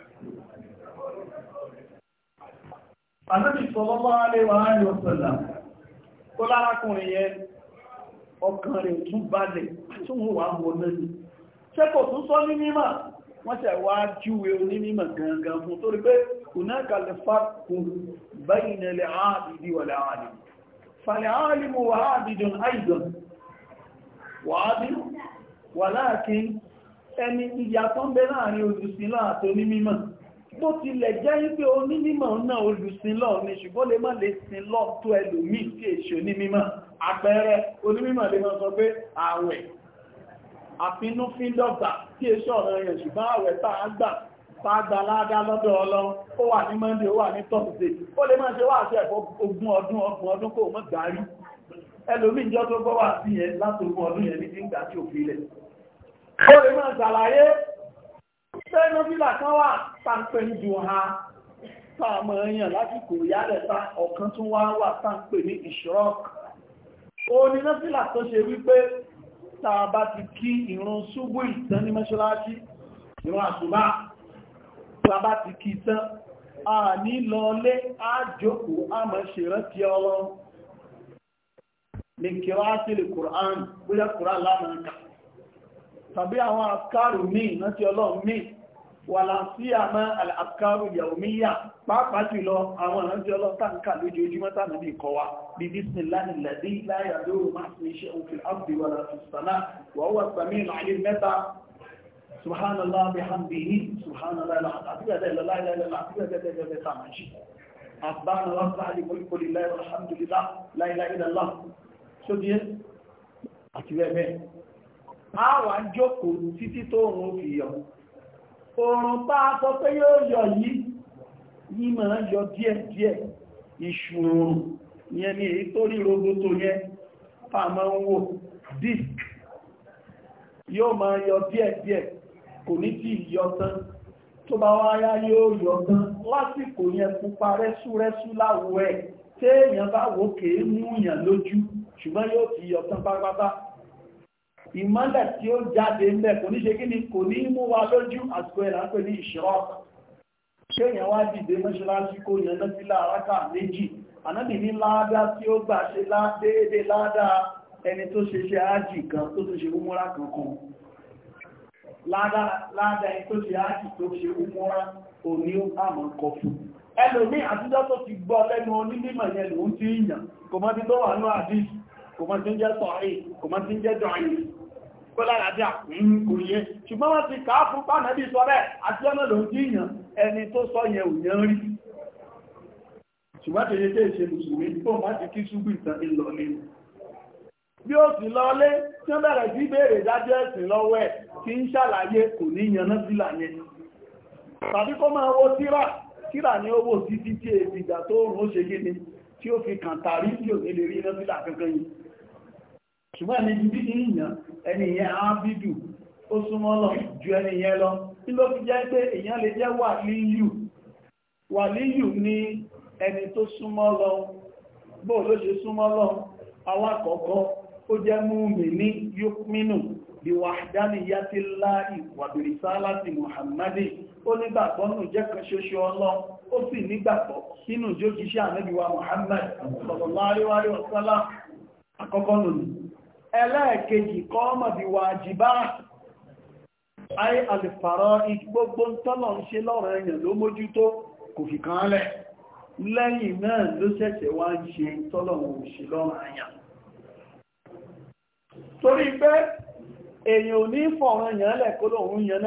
Ànábì sọlọ́lọ́ alẹ́wà ààrẹ ọ̀sọ̀lá, kó lárákùnrin yẹn, ọkàn rẹ̀ tún balẹ̀ tí wọ́n wà wọ́n lẹ́nu. Ṣẹ́kọ̀ tún sọ ní mímọ̀, wọ́n tẹ̀ wá júwe oní mímọ̀ gangan fún torí pé kùnáka lè fàkùn báyìí lè áàdìdì wà láàáàdì bó tilẹ̀ jẹ́ wípé onímọ̀ náà olùsìnlọ́ ni ṣùgbọ́n lè má lè sinlọ́ tó ẹlòmíì tí èṣò onímọ̀ àpẹẹrẹ onímọ̀ lè máa sọ pé ààwẹ̀ àfinúfíndọ̀gbà tí èṣò ọ̀rọ̀ yẹn ṣùgbọ́n ààwẹ̀ tàà gbà fàgbà ládá lọ́dọ̀ ọlọ́run ó wà ní monday ó wà ní thursday ó lè máa ṣe wá àti ẹ̀fọ́ ogún ọdún ọgbọ̀n ọdún kò mọ́ gbárí ẹlòmí ìjọ tó gbọ́ wà sí yẹn láti ogún ọdún yẹn ní tí ń gbà tí ò fi ilẹ̀ ó lè máa ṣàlàyé bẹ́ẹ̀ nọ́bílà kan wà tàǹpẹ̀ ní jùhá sáàmọ̀ èèyàn lásìkò ìyálẹ̀ta ọ̀kan tún wá wà tàǹpẹ̀ ní ìṣọ́k ó ní nọ́bílà tó ṣe wípé tàà bá ti kí ìrun ṣúgbù ìtàn ní mọ́ṣáláṣí ìrun àṣùbá tàà bá ti kí tán a ní lọlé àjòkó àmọ́ ṣèrántí ọlọ́run lè kíra sí lè kùrán bóyá kùrán lánàá tàbí àwọn akárù míì rántí ọlọ́run míì wàlàsíàmọ́ àkàrù yàomíyà pàápàá jùlọ àwọn ìrántí ọlọ́tàǹkà lójoojúmọ́ tàbí bí kọ wa bí bísmìláàrí lẹ́dí láyà lóòrò máa fi iṣẹ́ òfin ábùdí wà láti sànà wọ́wọ́ sàmì ìlàlẹ́ mẹ́ta subhanallah bihamdihi subhanallah àti bẹ́ẹ̀ lọ láyà lọ́la àti bẹ́ẹ̀ bẹ́ẹ̀ sàmàjì àbára lọ́sà àti mọ́lùkọ́lì láyà alhamdulillah láyà ilẹ̀lá sódíẹ́ àti bẹ́ẹ̀ bẹ́ẹ̀ oòrùn bá sọ pé yóò yọ yìí yí máa yọ díẹ̀díẹ̀ iṣu oòrùn yẹn ni èyí tó rí rogoto yẹn pa máa ń wò disk yóò máa yọ díẹ̀díẹ̀ kò ní tí yọ tán tó bá wá yá yóò yọ tán lásìkò yẹn pupa rẹ́súrẹ́sú láwọ̀ ẹ̀ téèyàn bá wò kèé mú yàn lójú ṣùgbọ́n yóò ti yọ tán pátápátá ìmọ́lẹ̀ tí ó jáde ńlẹ̀ kò ní ṣe kí ni kò ní mú wa lójú àsìkò ẹ̀rà pé ní ìṣọ́ọ̀kọ̀ ṣé èèyàn wá dìde mọ́ṣáláṣí kó yẹn lọ sí láàrákà méjì ànábì ní láádá tí ó gbà ṣe déédé láádá ẹni tó ṣe ṣe ájì kan tó tó ṣe úmúra kankan láádá ẹni tó ṣe ájì tó ṣe úmúra òní àmọ́ kọ fún ẹlòmí àtijọ́ tó ti gbọ́ lẹ́nu onímọ̀ yẹn lòún ti yàn kò mọ́ ti tó wà ní àdìs kò mọ́ ti ń jẹ́ sọ̀rí kò mọ́ ti ń jẹ́ dọ̀rí pé lálàájá kò yẹ ṣùgbọ́n wọ́n ti kàá fún pánàbí sọ bẹ́ẹ̀ àti ọ̀nà ló ti yàn ẹni tó sọ yẹn ò yàn rí ṣùgbọ́n tẹ̀yẹ tẹ́ ìṣe mùsùlùmí tó wọ́n ti kí ṣúgbù ìtàn ìlọ nínú bí ó sì lọlé tí ó bẹ̀rẹ̀ sí béèrè dájọ́ ẹ̀sìn lọ́wọ́ ẹ̀ tí ń ṣàlàyé kò ní yaná sílà yẹn tàbí kó máa wo tíra tíra ní owó títí tí èdìgbà tó rún ṣùgbọ́n ní bí ìyàn ẹni yẹn á bídù ó súnmọ́ lọ ju ẹni yẹn lọ tí ló fi jẹ́ pé èèyàn lè jẹ́ wàlíyù wàlíyù ní ẹni tó súnmọ́ lọ bó ló ṣe súnmọ́ lọ alákọ̀ọ́kọ́ ó jẹ́ múmi ní yókmínú bí wàhádániyàtí láì wàbìrìsá láti Muhammadi ó nígbàgbọ́ nù jẹ́ kan ṣoṣo ọlọ́ ó sì nígbàgbọ́ sínú jójíṣẹ́ ànábì Muhammad sallallahu alaihi wa sallam àkọ́kọ́ nù ẹlẹ́ẹ̀kejì kọ́ọ̀mọ̀ bí wà jìbá ayé alìfàrọ̀ gbogbo tọ́lọ̀ ń ṣe lọ́rọ̀ ẹ̀yàn ló mójútó kò fi kan lẹ̀ lẹ́yìn náà ló ṣẹ̀ṣẹ̀ wá ń ṣe tọ́lọ̀ ń ṣe lọ́rọ̀ ẹ̀yàn torí pé èyàn ò ní fọ̀rọ̀ ẹ̀yàn lẹ̀ kó lóun yan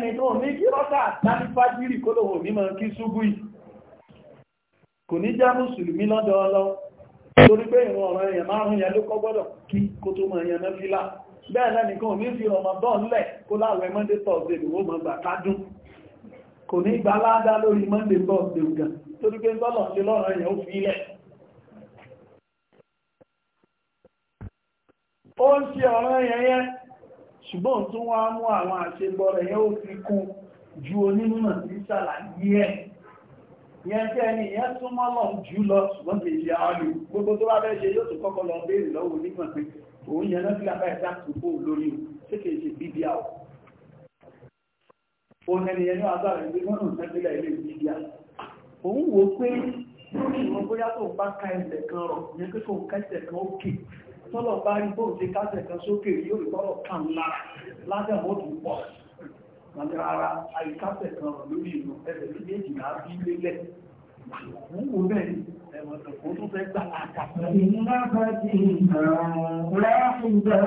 ní fìrún kí rọ́kà tánifájírì kò ní já mùsùlùmí lọ́dọ̀ ọlọ́ torí pé ìrun ọ̀rọ̀ èèyàn márùn yẹn ló kọ́ gbọ́dọ̀ kí kó tó mọ̀ èèyàn náà fílà bẹ́ẹ̀ lẹ́nìkan ní fi ọmọ bọ́ọ̀ ńlẹ̀ kó láwẹ̀ mọ́ndé tọ́ọ̀dé ìwò mọ́ gbà kádùn kò ní gba ládá lórí mọ́ndé tọ́ọ̀dé ìgbà torí pé tọ́lọ̀ ṣe lọ́rọ̀ èèyàn ó fi ilẹ̀ ó ń ṣe ọ̀rọ̀ èèyàn yẹn yẹn tẹ́ ẹni yẹn súnmọ́ lọ́n jù lọ ṣùgbọ́n kì í ṣe àálù gbogbo tó bá bẹ́ ṣe yóò tún kọ́kọ́ lọ béèrè lọ́wọ́ onígbọ̀n pé òun yẹn náà fílà báyìí dákùn lórí o ṣé kì í ṣe bíbí àwọ̀ òun ẹni yẹn ní agbára ìgbé mọ́nà ìsẹ́gbélẹ̀ ilé bíbí àwọ̀ òun wò pé ìwọ̀n bóyá tó bá ka ẹsẹ̀ kan rọ̀ yẹn pé kò kẹsẹ̀ kan òkè tọ́lọ̀ bá rí bóun ṣe kásẹ̀ kan sókè yóò tọ́lọ̀ kan lára ládàmọ́ tó pọ̀ wọ́n ní rárá àyíkásẹ̀ kan lórí ìlú ẹsẹ̀ tí méjì náà bí lélẹ̀ wọ́n wò bẹ́ẹ̀ ẹ̀wọ̀n tẹ̀kọ́ tó fẹ́ gbà àkàtà. ìmúná bá ti rà ìgbà ọ̀dà rẹ̀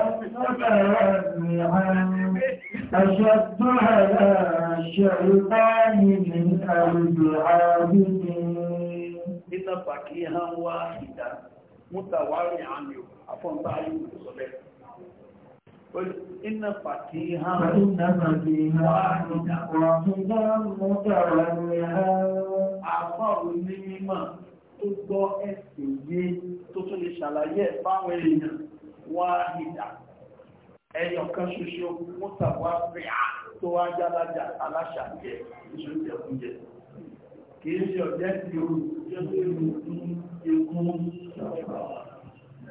ẹ̀ṣẹ̀ tó rẹ̀ ṣe ìbáyìí ní àrùjọ àrùjọ. nínú pàkí wá ìdá mútàwárí àmì àfọ̀nbáyé ìsọ̀lẹ̀. إن فاتيها فإن فاتيها وحدا متوليها àfáàrù ní mímọ̀ tó gbọ́ ẹ̀sìn yé tó tún lè ṣàlàyé ẹ̀fáwọn èèyàn wá ìdà ẹyọ kan ṣoṣo mọ́tàwá fíà tó wá jálájà aláṣàjẹ ìṣòjẹ̀kúnjẹ kìí ṣe ọ̀jẹ́ ti orù jẹ́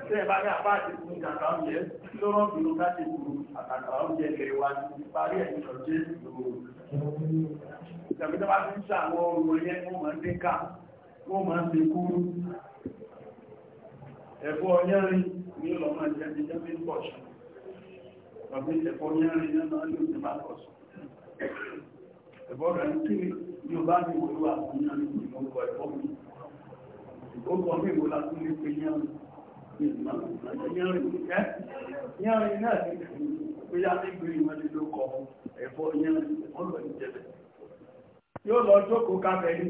Ṣé ìbá ní àpá àti ìkùn ìjàkà oúnjẹ tó rán jùlọ láti ìkùn àtàkà oúnjẹ kẹrẹ wá ní parí ẹ̀ nìkan jẹ́ ìṣòro. Ìjàmí tó bá ti máa ń dín máa ń dín kúrú. Ẹ̀fọ́ ọyẹ́rin ní ọlọ́mọ ìjẹ́ ti jẹ́ pín pọ̀ ṣù. Ọ̀gbìn ní máa pọ̀ yẹ́rin náà ti kò yá ní gbé ìwọ̀n ní ló kọ̀ ẹ̀fọ́ yẹ́rin wọ́n yóò lọ jókòó kábẹ̀ ní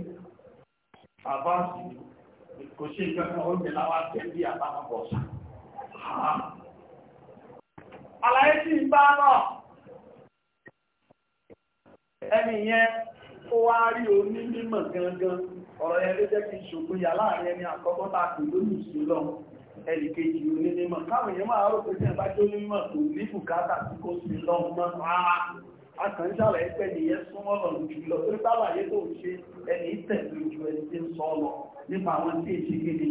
àbá kò ṣe ìjọba oúnjẹ láwá tẹ́ bí àbámọ́bọ̀ sá àlàyé sí ìgbà náà ẹni yẹn ó wá rí oní mímọ̀ gangan ọ̀rọ̀ yẹn ló jẹ́ kí ṣògbóyà láàrin ẹni àkọ́kọ́ tá a sí lọ́wọ́ ẹnìkejì onímọ̀ káwọn èèyàn máa rò pé tẹ́ẹ̀ bá jó nímọ̀ kò ní bùkátà tí kò sí lọ́hùn mọ́ súnmọ́ lọ jù lọ tó sálàyé tó ṣe ẹni tẹ̀lé ju ẹni tí ń sọ lọ nípa àwọn tí gidi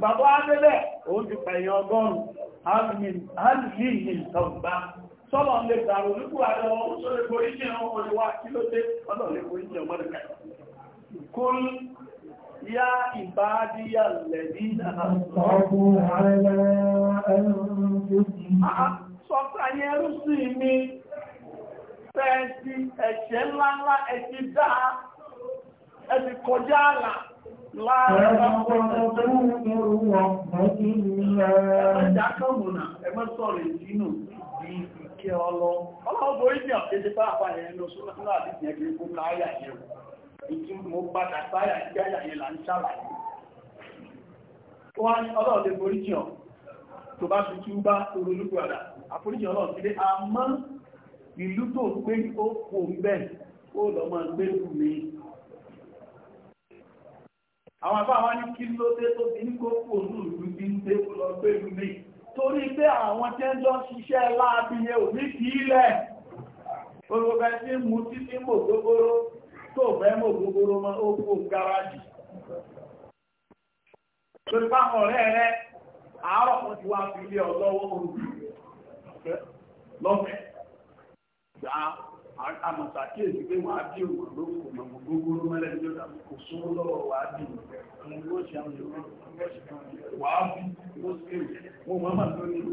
bàbá adébẹ̀ òun ti pẹ̀yìn ọgọ́rùn-ún alìlì sọ́lọ̀ lè dàrú nípò àjọ ọ̀hún sórí kúl yá ìbádíyà lẹ̀dí Fẹ́ẹ̀sì ẹ̀ṣẹ̀ ńláńlá ẹ̀ṣì dáa, ẹ̀ṣì kọjá àlà láàrin ọkọ̀ ọ̀tọ̀ Ìkẹ́ ọlọ́. Ọlọ́wọ́ borí ní ọ̀pẹ́jẹ́ fáàfáà ẹ̀yẹn lọ sólọ́pínlá àti ìyẹn kìí kó káyà yẹ̀wò. ìtumọ̀ padà sáyà ìgbẹ́yà ìlà ń ṣàlàyé wọ́n ọlọ́run lè borí jìyàn tó bá fi tí ó bá orolúgbò àdá àforíjì ọlọ́run a dé ìlú tó gbé ó kò ó lọ mọ́ mi àwọn àbá wá ní kí ló dé tó ní kó kò bí ń dé mi torí pé àwọn ṣiṣẹ́ láàbí òní tó fẹ́ mọ̀ gbogbo mọ́ ó kú gáràjì torí bá ọ̀rẹ́ rẹ àárọ̀ kan ti wá fi ilé ọlọ́wọ́ òru lọ́fẹ̀ẹ́ gba àmọ̀tà kí èsì pé wọ́n á bí òun ló kò mọ̀ gbogbo mẹ́lẹ̀ ní ọ̀dà kò sówó lọ́wọ́ wà á bí òun ló ṣe àwọn ìwọ̀n wà á bí ó ṣe wọ́n mọ̀ lónìí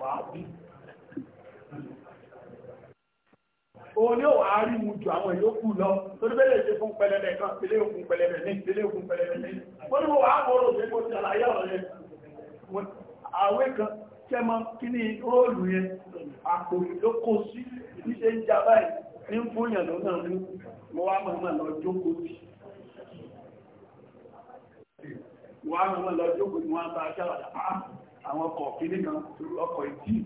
wà á bí òun yóò wá rí mu ju àwọn ìyókù lọ torí bẹ́ẹ̀ lè ṣe fún pẹlẹbẹ kan pẹlẹ òkun pẹlẹbẹ ní pẹlẹ òkun pẹlẹbẹ ní ó ní mo wà á mọ́rò pé mo ṣàlàyé ọ̀rọ̀ yẹn àwẹ́ kan tẹ́mọ kí ní róòlù yẹn àpò ló sí níṣe ń já báyìí ní fún yàn lọ́nà mú mo wá mọ̀mọ́ lọ jókòó sí wọ́n á mọ̀mọ́ lọ jókòó sí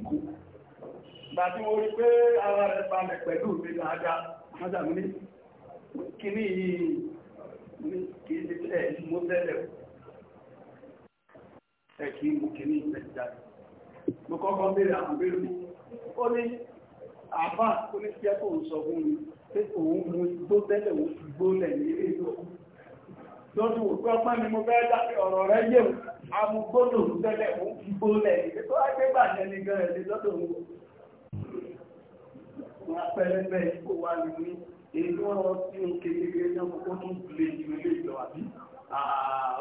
gbàtí tí rí pé ara rẹ̀ pẹ̀lú mi dáadáa, mọ́jà ní kíní yìí kìí ṣe tẹ́ mo tẹ́lẹ̀ ẹ kì mú kíní ìpẹ̀lú jáde. Mo kọ́kọ́ béèrè àwọn béèrè mi. Ó ní àbá ó ní kíá tó ń sọ fún mi pé òun mú igbó tẹ́lẹ̀ òun fi ní ilé ìlú. Lọ́dún ni mo fẹ́ ọ̀rọ̀ yẹ̀wò. fún apẹ́lẹ́pẹ́ ipò wà ní ní èyí tí wọ́n lọ sí ní kékeré ní ọkọ̀ tó lè ju ilé ìlọ àbí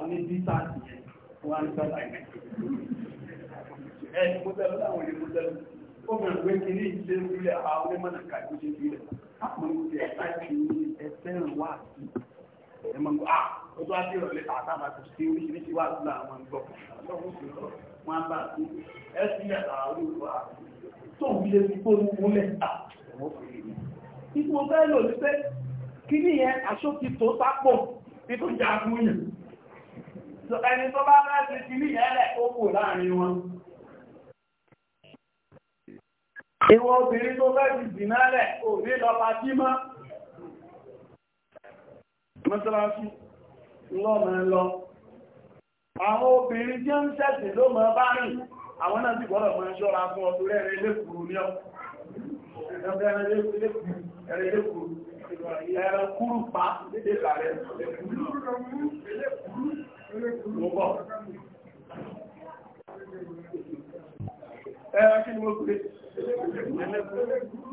oní dísáàtì yẹn fún àìsàlà ìgbẹ́. ẹ mo tẹ́lú láwọn èdè mo tẹ́lú ó mọ̀ pé kí ní ìṣe ìfilẹ̀ àwọn onímọ̀nà kàdé ṣe ìfilẹ̀ àpọn ìṣe láti ní ẹsẹ̀rìn wá sí ẹ mọ̀ à ó tó á sí ìrọ̀lẹ́ àtàbà tó sí oríṣiríṣi wá sí làwọn gbọ́ wọn bá sí ẹ sí àwọn olùkọ́ àti tó ń ṣe kó múlẹ̀ àti ikú mo fẹ́ lò ní pé kí ní yẹn aṣókí tó sápò bí tó jà fún yìí ẹni tó bá fẹ́ ti kí ní yẹn lẹ̀ ó kù láàrin wọn ìwọ obìnrin tó fẹ́ ti dìnnà lẹ̀ ò ní lọ pa sí mọ́ mọ́sálásí lọ́nà lọ àwọn obìnrin tí ó ń ṣẹ̀sìn ló mọ́ bá rìn àwọn náà sì gbọ́dọ̀ mọ́ ṣọ́ra fún ọ ẹ̀rọ ẹran lékùú ẹran kúrú pa lédè ela era ẹran kí ni mo pè ẹran lékùú não é mo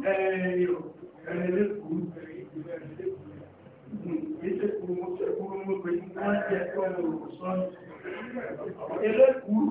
ela wọ́n jẹ́ ọmọ òkú sọ́nà. Ilé kúrú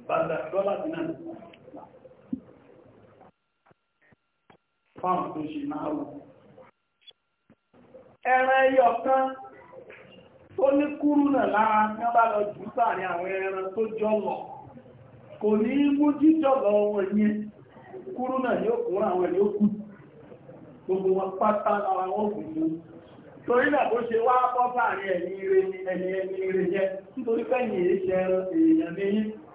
bàtà dọ́là ti náà fáwọn tó ṣe máa wù ẹran ẹyọ kan tó ní kúrú náà lára ní bá lọ jù sáàrin àwọn ẹran tó jọlọ kò ní mú jíjọlọ wọn yẹn kúrú náà yóò kún àwọn ẹ̀yọ́ kú gbogbo wọn pátá lára wọn kù mú torí náà bó ṣe wá bọ́ sáàrin ẹ̀yìn ire ni ẹni ẹni ire jẹ́ nítorí pẹ́yìn èéṣẹ́ èèyàn ní yìí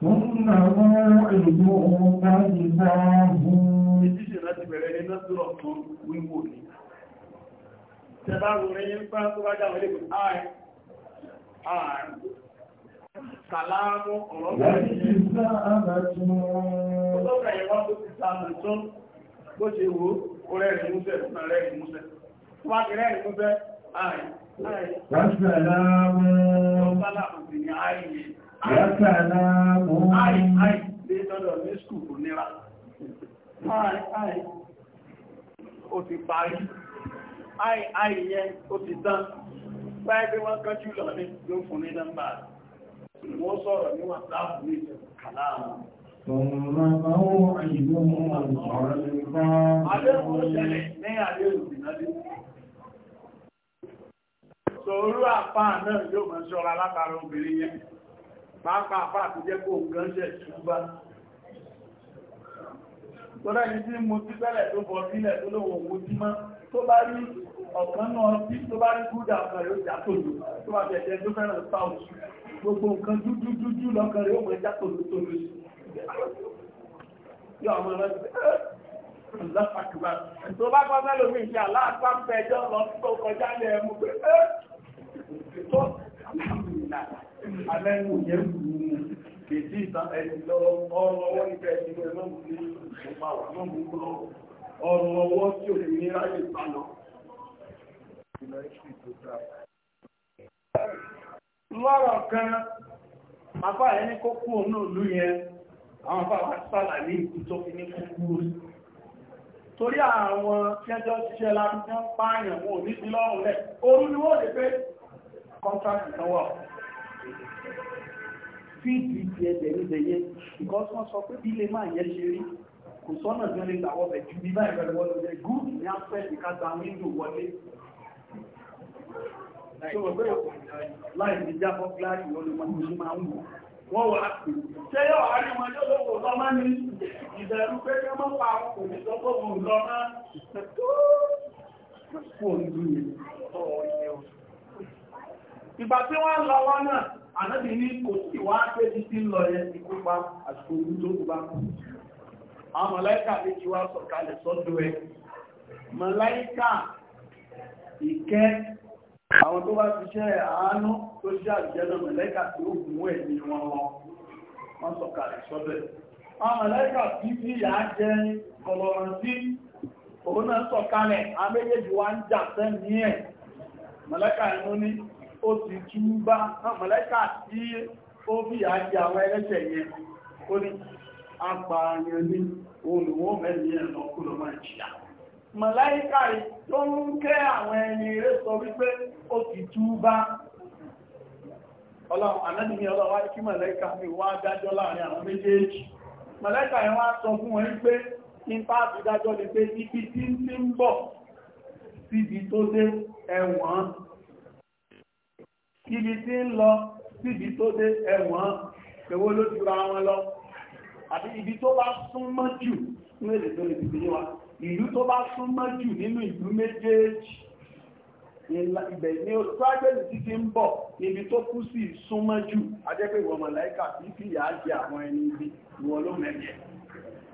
Súnmà wọ́n ìlú ọmọ ìgbà ọ̀hún. Ìjíṣẹ́ láti bẹ̀rẹ̀ ní lọ́sùrọ̀ tó wíwò ní. Tẹ́bá rú rẹ̀ yín pá tó bá jáwọ́ ilé kò áì. Áì. ọ̀rọ̀ bẹ̀rẹ̀ ní ìgbà àbájú. Ó tó kẹ̀yẹ̀ wọ́n tó ti Yàtàlá òun. Àì, àì, dé lọ́dọ̀ ní skùl kò nira. Àì, àì, ó ti parí. Àì, àì yẹn, ó ti tán. Báyé bí wọ́n kánjú lọ ní ló fún ní nọ́mbà. Wọ́n sọ̀rọ̀ ní wọ́n sáàbù ní kàláàmù. Tọ̀mọ̀lá máa wọ́n àyíkó mọ́ ọ̀rọ̀ nípa. Adéhùn ṣẹlẹ̀ ní àdéhùn àpá náà yóò mọ̀ ṣọ́ra látara obìnrin yẹn pàápàá àpá àtúnjẹ́ kó nǹkan ṣẹ̀ ṣùgbà tọ́lá yìí tí mo ti tẹ́lẹ̀ tó bọ̀ sílẹ̀ tó lówó owó tí mọ́ tó bá rí ọ̀kan náà tí tó bá rí gúdà ọ̀kan rẹ̀ ó já tòlù tó bá bẹ̀ẹ̀ tó fẹ́ràn sáwọ̀ gbogbo nǹkan dúdúdúdú lọ́kan rẹ̀ ó mọ̀ já tó bá tó kọjá lẹ́ẹ̀mú alẹ́nu yẹn kù ní kèjì ìta ẹni lọ ọrùn ọwọ́ nípa ẹni lọ ẹmọ́ mú ní ọmọ àwọn mú lọ ọrùn ọwọ́ tí ò ní ráyè bá lọ́rọ̀ kan bàbá ẹni kó kú òun náà yẹn àwọn bàbá sàlàyé ìkú tó fi ní kó kúrò torí àwọn kẹjọ ṣiṣẹ́ láti ń pààyàn wọn ò ní sí lọ́rùn rẹ̀ orú ni wọ́n lè pé kọ́ńtàkì náà wà fíìdì ti ẹ̀jẹ̀ níbẹ̀ yẹn because wọ́n sọ pé bí lè máa yẹn ṣe rí kò sọ́nà tí wọ́n lè gbà wọ́bẹ̀ ju bí báyìí rẹ̀ wọ́n lè gùn ní afẹ́ẹ̀dì káta wíńdò wọlé láì ní jábọ́ gíláàrí wọn ló máa ń máa ń wọ́n wà á ṣé yóò wá lọ́wọ́ lọ máa ní ìdẹ̀rú pé kí ànábì ní kò sí wá pé ti ti lọ yẹ ti kópa àsìkò ogun tó kú bá kú àwọn màláíkà méjì wá sọ̀kalẹ̀ sọ́dọ̀ ẹ màláíkà ìkẹ́ àwọn tó bá ti ṣẹ́ àánú tó ṣe àjẹ́nà màláíkà tí ó gùn ẹ̀ ní wọn wọn sọ̀kalẹ̀ sọ́dọ̀ ẹ àwọn màláíkà tí bí ìyá jẹ́ kọlọ̀rọ̀ sí òun náà sọ̀kalẹ̀ àméjèèjì wá ń jà sẹ́ni ẹ̀ màláíkà ẹ̀mú ní ó ti túbá mọ̀lẹ́kà tí ó fi àjí àwọn ẹlẹ́ṣẹ̀ yẹn ó ní apààyàn ní olùwọ́ mẹ́rin yẹn lọ kúrò máa jìyà mọ̀lẹ́kà tó ń kẹ́ àwọn ẹni eré sọ wípé ó ti túbá ọlọ́run ọlọ́wà kí mọ̀lẹ́kà mi wá dájọ́ láàrin àwọn méjèèjì mọ̀lẹ́kà yẹn wá sọ fún wọn pé nípa àbídájọ́ ni pé ibi tí ń bọ̀ síbi tó dé ẹ̀wọ̀n ibi tí ń lọ síbi tó dé ẹ̀wọ̀n pẹ̀wó ló jùra wọn lọ àti ibi tó bá súnmọ́ jù ní èdè tó lè dìde wa ìlú tó bá súnmọ́ jù nínú ìlú méjèèjì ibẹ̀ ni ó trágbẹ̀lì tí ti ń bọ̀ níbi tó kú sí súnmọ́ jù ajẹ́pẹ̀ ìwọ̀n mọ̀láíkà tí fi yà á jẹ àwọn ẹni ibi ìwọ̀n ló mẹ́jẹ̀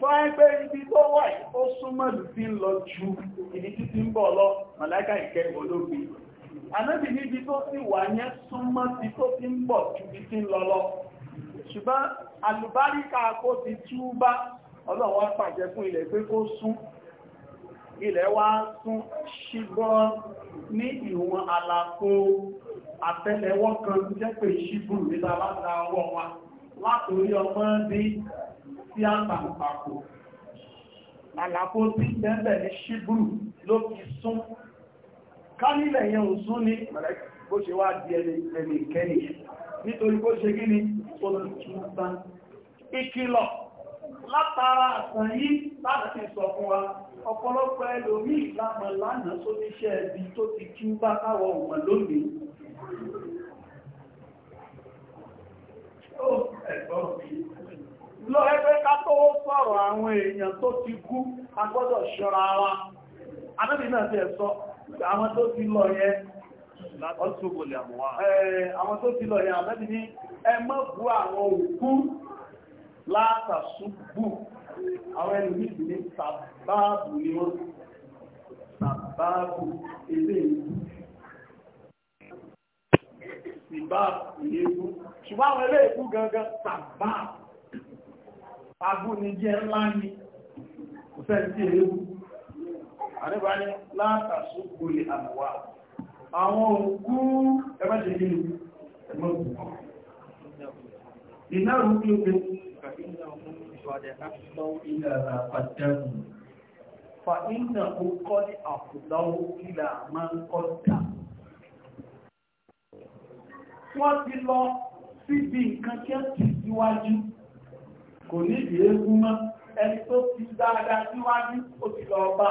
tó ń pé ibi tó wà ó súnmọ́ jù ti ń lọ ju ibi tí ti ń bọ̀ lọ mọ̀láíkà ìkẹ́ ìwọ̀n ló gbé ànábì níbi tó sì wà yẹn súnmọ́ ti tó ti ń bọ̀ ju bí ti ń lọ lọ ṣùgbọ́n àlùbáríkà kó ti túbá ọlọ́run wá pàṣẹ fún ilẹ̀ pé kó sún ilẹ̀ wá sún ṣígbọ́n ní ìwọ̀n àlàfo àtẹ́lẹwọ́ kan jẹ́ pé ṣígbùn nígbà láta ọwọ́ wa látòrí ọmọ ní sí àtàkùpàkù àlàfo tí bẹ́ẹ̀ ní ṣígbùn ló fi sún ká nílẹ̀ yẹn ń sún ní bó ṣe wá di ẹni n'itori nítorí bó ṣe gíní ìkìlọ̀ látara àtàn sọ fún wa ọ̀pọ̀lọpọ̀ ẹlòmí ìlàmọ̀ lánàá sóníṣẹ́ ẹbí tó ti kí bá káwọ ọmọ lónìí lọ ẹgbẹ́ ká tó sọ̀rọ̀ àwọn èèyàn tó ti kú a ṣọ́ra wa anábì ti àwọn tó ti lọ yẹn àwọn tó ti lọ yẹn àmẹ́bí ní ẹmọ́ bú àwọn òkú látàṣúgbù àwọn ẹlùmí ìdílé sàbáàbù ni wọ́n sàbáàbù ilé ìlú sàbáàbù ilé ṣùgbọ́n àwọn ilé ìlú gangan sàbáàbù àníbá ní látàṣù gbolè àmàwà àwọn òkú ẹgbẹ́sẹ̀ nínú ẹgbẹ́ iná rúkú pé fa iná kọ́ ní àkùdáwó kílà máa ń kọ́ dà wọ́n ti lọ síbi nǹkan kí ẹ ti síwájú kò ní ìdí eégún mọ́ ẹni tó ti dáadáa síwájú ó ti lọ bá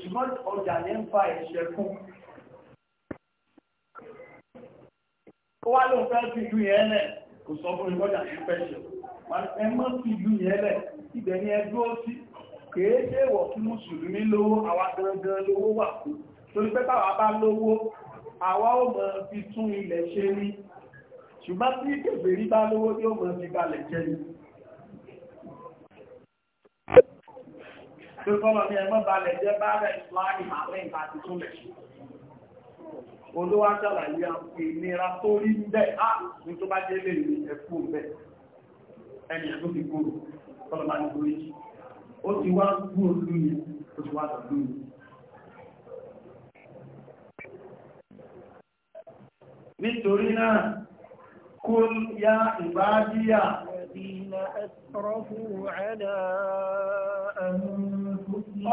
ṣùgbọ́n ọjà ní ń fa ẹ̀ṣẹ̀ kún ó wá lóun fẹ́ fi ìlú yẹn lẹ̀ kò sọ fún ìgbọ́jà ní pẹ́ṣẹ̀ ẹ mọ́ fi ìlú yẹn lẹ̀ ibẹ̀ ni ẹ dúró sí kèé ṣe wọ̀ fún mùsùlùmí lówó àwa gangan lówó wà fún torí pé táwa bá lówó àwa ó mọ̀ fi tún ilẹ̀ ṣe ní ṣùgbọ́n tí kèbèrí bá lówó yóò mọ̀ fi balẹ̀ jẹ́ ni pé kọ́lọ̀ ní ẹgbọ́n balẹ̀ jẹ́ bára ìsìláàmì àwọn ìgbà ti tún lẹ̀. olówá ṣàlàyé àwọn ìnira tó rí ń á ní tó bá jẹ́ lè ẹni قل يا عبادي الذين أسرفوا على أنفسهم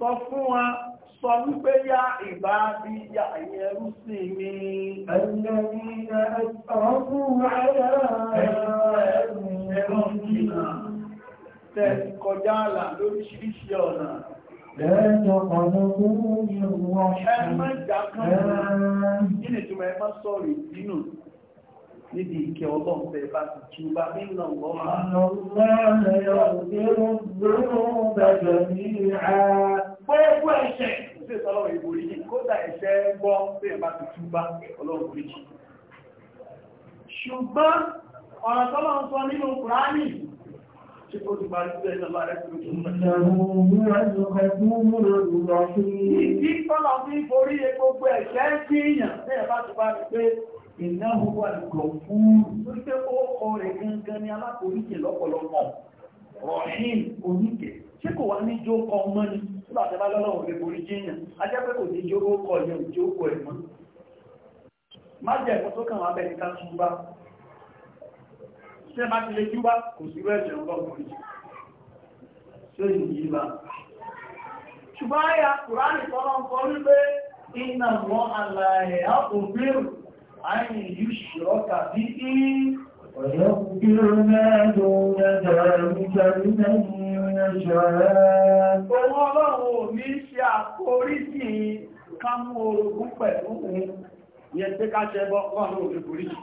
صفوا صفوا يا عبادي يا يرسمي الذين أسرفوا على أنفسهم تسكجالا على لوريشيشيونا لا تقنطوا من رحمة الله níbi ìkẹ́ ọlọ́run tẹ́ bá ti kí bá nínú ọlọ́run. Gbogbo ẹ̀ṣẹ̀ ṣe sọ́lọ́wọ̀ ìborí yìí, kódà ẹ̀ṣẹ̀ gbọ́ tẹ́ bá ti kí bá ọlọ́run borí jì. Ṣùgbọ́n ọ̀rọ̀ tọ́lọ́run sọ nínú Kùránì tí ó ti parí sí ẹ̀nà lára ẹ̀kùn tó ń bẹ̀rẹ̀ ìnáwó wà lùkọ̀ fún un pé ó kọ rẹ̀ gangan ní alákòóríkè lọ́pọ̀lọpọ̀ rọ̀hìn oníkẹ̀ ṣé kò wá ní jó kọ mọ́ ni nígbà tẹ́lá lọ́lọ́wọ́ lè borí jíyàn a jẹ́ pé kò ní jó kọ yẹn jó kọ ẹ̀ mọ́ má jẹ́ ẹ̀kọ́ tó kàn wá bẹ́ẹ̀ ká túbá ṣe má ti lè túbá kò sí rẹ́ẹ̀ṣẹ̀ ọlọ́gbọ̀n ṣe yìí bá ṣùgbọ́n àyà kùránì tọ́lọ́ ń wípé iná mọ́ àlàyé àpò àyìn ìṣọ́ tàbí kí ويغفر ما دون ذلك لمن يشاء Òun ọlọ́run mi ṣe àkóríjì ká mú orogún pẹ̀lú òun, yẹn tí ká ṣe bọ́ ọlọ́run òun ìbòríjì.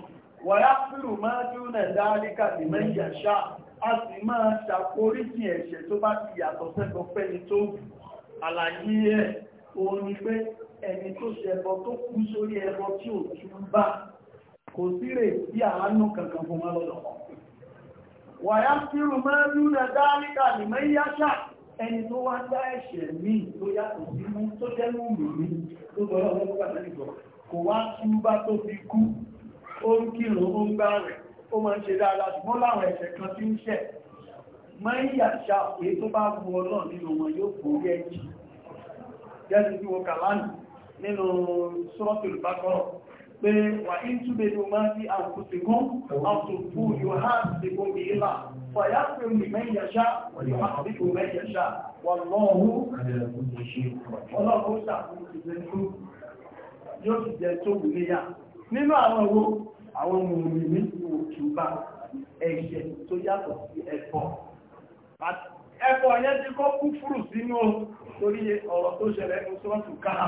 Wàyá fìrù máa dúnà dáríkà lè mẹ́ ìyàṣá, a sì máa ṣàkóríjì ẹ̀ṣẹ̀ tó bá ti yàtọ̀ sẹ́kọ̀ọ́fẹ́ni tó àlàyé ẹ̀ òun ni pé ẹni tó ṣẹbọ tó kú sórí ẹbọ tí ò tún bá kò sí rè sí àánú kankan fún wọn lọ́dọ̀ wàyá sírù mẹ́rin lúnà dáríkà ní mẹ́yáṣà ẹni tó wá dá ẹ̀ṣẹ̀ míì tó yàtọ̀ sí mú tó jẹ́ mú mi tó gbọ́dọ̀ wọn kó pàtàkì gbọ́ kò wá túbá tó fi kú ó ń kírun ó ń gbá rẹ̀ ó máa ń ṣe dáadáa ṣùgbọ́n láwọn ẹ̀ṣẹ̀ kan tí ń ṣẹ̀ máa ń yàṣà tó bá wu ọlọ́ọ̀ nínú wọn yóò forí ẹ̀jì gẹ́gẹ́ bí wọn kà lánàá nínú suratul Baqara pé wà ní túbẹ̀ ní ọmọ sí àkùsìkún àtùkù yóò há sí omi ìlà fàyà pé omi mẹ́yẹ̀ṣá yóò há sí omi mẹ́yẹ̀ṣá wọ́n lọ́wọ́ ọlọ́run ṣàkóso yóò ti jẹ tó wùléyà nínú àwọn owó àwọn mùmí ní òtúbà ẹ̀ṣẹ̀ tó yàtọ̀ sí ẹ̀fọ́ ẹ̀fọ́ yẹn ti kọ́ kúfúrù sínú torí ọ̀rọ̀ tó ṣẹlẹ̀ ní sọ́ọ̀tù káà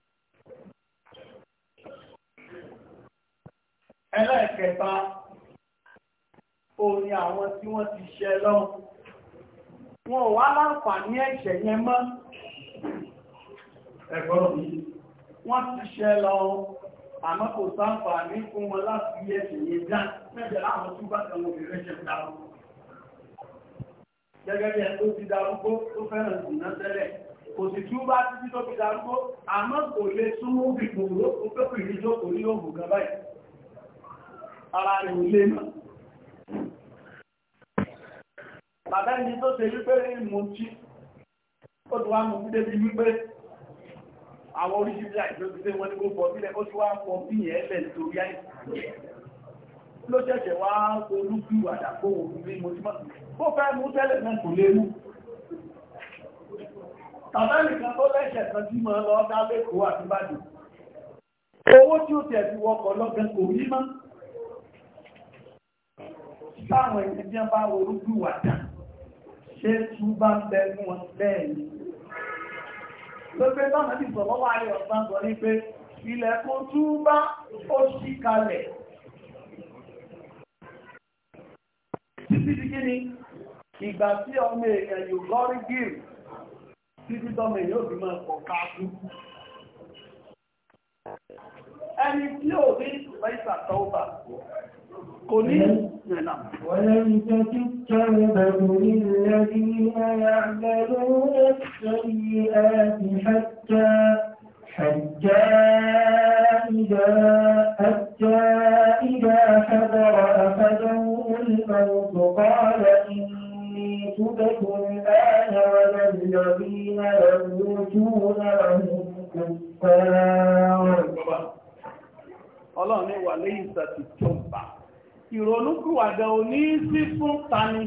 ẹlẹ́ẹ̀kẹta òun ni àwọn tí wọ́n ti ṣẹ lọ́wọ́ wọn ò wá láǹfààní ẹ̀ṣẹ̀ yẹn mọ́ ẹ̀gbọ́n mi wọ́n ti ṣẹ lọ́wọ́ àmọ́ kò sáǹfààní fún wọn láti yẹ ẹ̀ṣẹ̀ yẹn dá mẹ́jẹ̀ láwọn tó bá tẹ̀wọ̀n obìnrin ṣe dá gẹ́gẹ́ bí ẹni tó ti darúgbó tó fẹ́ràn ìdùnnà tẹ́lẹ̀ kò sì tí ó bá títí tó fi darúgbó àmọ́ kò lè súnmọ́ bí gbòòrò tó pẹ́kù ìrìnjọ́ kò ní òògùn kan báyìí ara rẹ̀ ò lé náà bàbá ẹni tó ṣe wípé ìmọ̀tí ó ti wá mú sí débi wípé àwọn oríṣiríṣi àìsàn ti dé wọn ní gbogbo ọbílẹ̀ ó ti wá pọ̀ bí yẹn lẹ̀ nítorí àìsàn ló ṣẹ̀ṣẹ̀ wá olúkú àdàpọ̀ òun ní ìmọ̀tí mọ́ ó fẹ́ mú tẹ́lẹ̀ náà kò lè mú bàbá nìkan tó lẹ́ṣẹ̀ kan tí mọ̀ lọ dá lẹ́kọ̀ọ́ àti bàdì owó tí ó tẹ̀ fi wọkọ̀ lọ́gán táwọn ẹ̀sìn bí wọ́n bá orúkú wà dà ṣé tú bá ń bẹ fún wọn bẹ́ẹ̀ ni lópe lọ́nà ti sọ̀rọ̀ wà ní ọ̀sán sọ ní pé ilẹ̀ kó tú bá ó ṣí kalẹ̀ títí di ìgbà tí ọmọ èèyàn yóò gọ́rí gírì títí tọ́mọ èèyàn ò fi máa pọ̀ káàkú ẹni tí ò rí ìsàtọ́wà قل ولم نعم. تكن توبة للذين يعملون السيئات حتى حتى إذا حتى إذا حضر أحدهم الموت قال إني تبت الآن ولا الذين يموتون وهم كفار. الله ni wa laysa ìrònúkúwàdà òní sí fún tani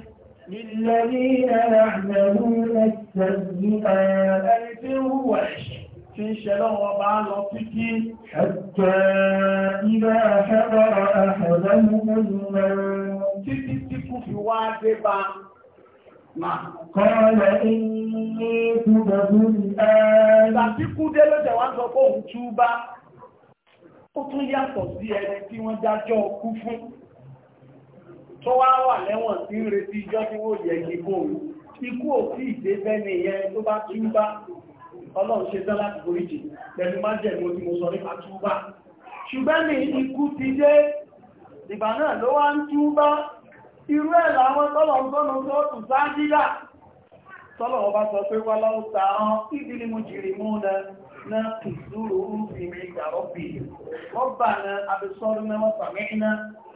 Ìlẹ̀rí ẹ̀rọ àmẹ̀rú ẹ̀sẹ̀ yìí ẹni tí ń hùwà ẹ̀ṣẹ̀ tí ń ṣẹlọ́ wọn bá lọ títí ẹ̀jẹ̀ ilẹ̀ ẹ̀ṣẹ́bọ̀rọ̀ ẹ̀ṣẹ̀lẹ̀ mú mẹ́rin títí tí kú kọ́lẹ̀ ní ìtúbẹ̀bùn ẹ̀ẹ́dà tí kú lọ́jẹ̀ wá sọ pé túbá ó tún yàtọ̀ sí ẹni tí wọ́n dájọ́ kú fún tó wá wà lẹ́wọ̀n tí ń retí ìjọ́ tí wó yẹ ìgbò ikú òfí ìdébẹ́ ni ìyẹn tó bá túbá ọlọ́run ṣe tán láti foríjì pẹ̀lú má jẹ́ ìmọ̀ tí mo sọ nípa túbá ṣùgbẹ́ ni ikú ti dé ìgbà náà ló wá ń túbá irú ẹ̀ láwọn tọ́lọ̀ntọ́nà tó tù sáájílà tọ́lọ̀ ọba sọ pé ni mo jìrì na kìsúrò ń fi mi ìgbà na abẹ́sọ́rún mẹ́mọ́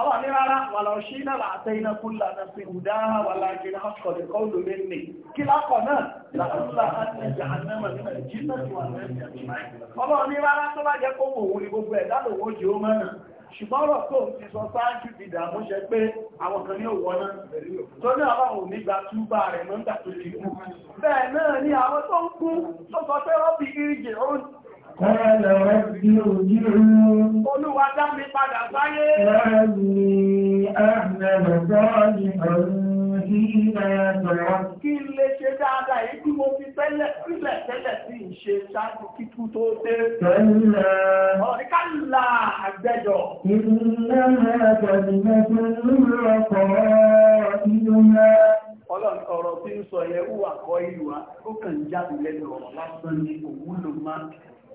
ọlọ́ ní rárá wà lọ sí náà àtẹ iná kúlà náà fi hùdá wà láàrin àkọ̀dẹ̀ kọ́lù lé ní kí lákọ̀ náà lákọ̀lá àti ìjà àmẹ́mọ̀ nínú ìjìnà tí wà lẹ́yìn ọlọ́ ní rárá tó bá jẹ́ kókò òun ni gbogbo ẹ̀dá lòun ó jẹ́ ó mẹ́rin ṣùgbọ́n ọ̀rọ̀ tó ti sọ sáájú ti dààmú ṣe pé àwọn kan ní òwò náà tó ní ọlọ́run nígbà túbà rẹ̀ mọ́ ń gbà tó ti kú bẹ́ẹ̀ náà ni àwọn tó ń kú tó sọ pé rọ́bì ìrìnjẹ̀ Kọ́lá rẹ̀bí òjìrún. Olúwa dá mi padà sáyé. Láàrí àmẹ́rẹ̀ bọ́ọ̀lì ọ̀rún sí ẹ̀ẹ̀bẹ̀rẹ̀. Kí lè ṣe dáadáa yìí tí mo fi tẹ́lẹ̀ sílẹ̀ tẹ́lẹ̀ sí ìṣe ṣáájú kíkú tó dé. Tẹ́lẹ̀. Ọ̀ríkàlà àgbẹ́jọ. Ìrìnlẹ́ ọlọ́run ọ̀rọ̀ tí ń sọ yẹ wúwà kọ́ ìlú wa ó kàn jáde lẹ́nu ọ̀rọ̀ lásán ní òwúlò máa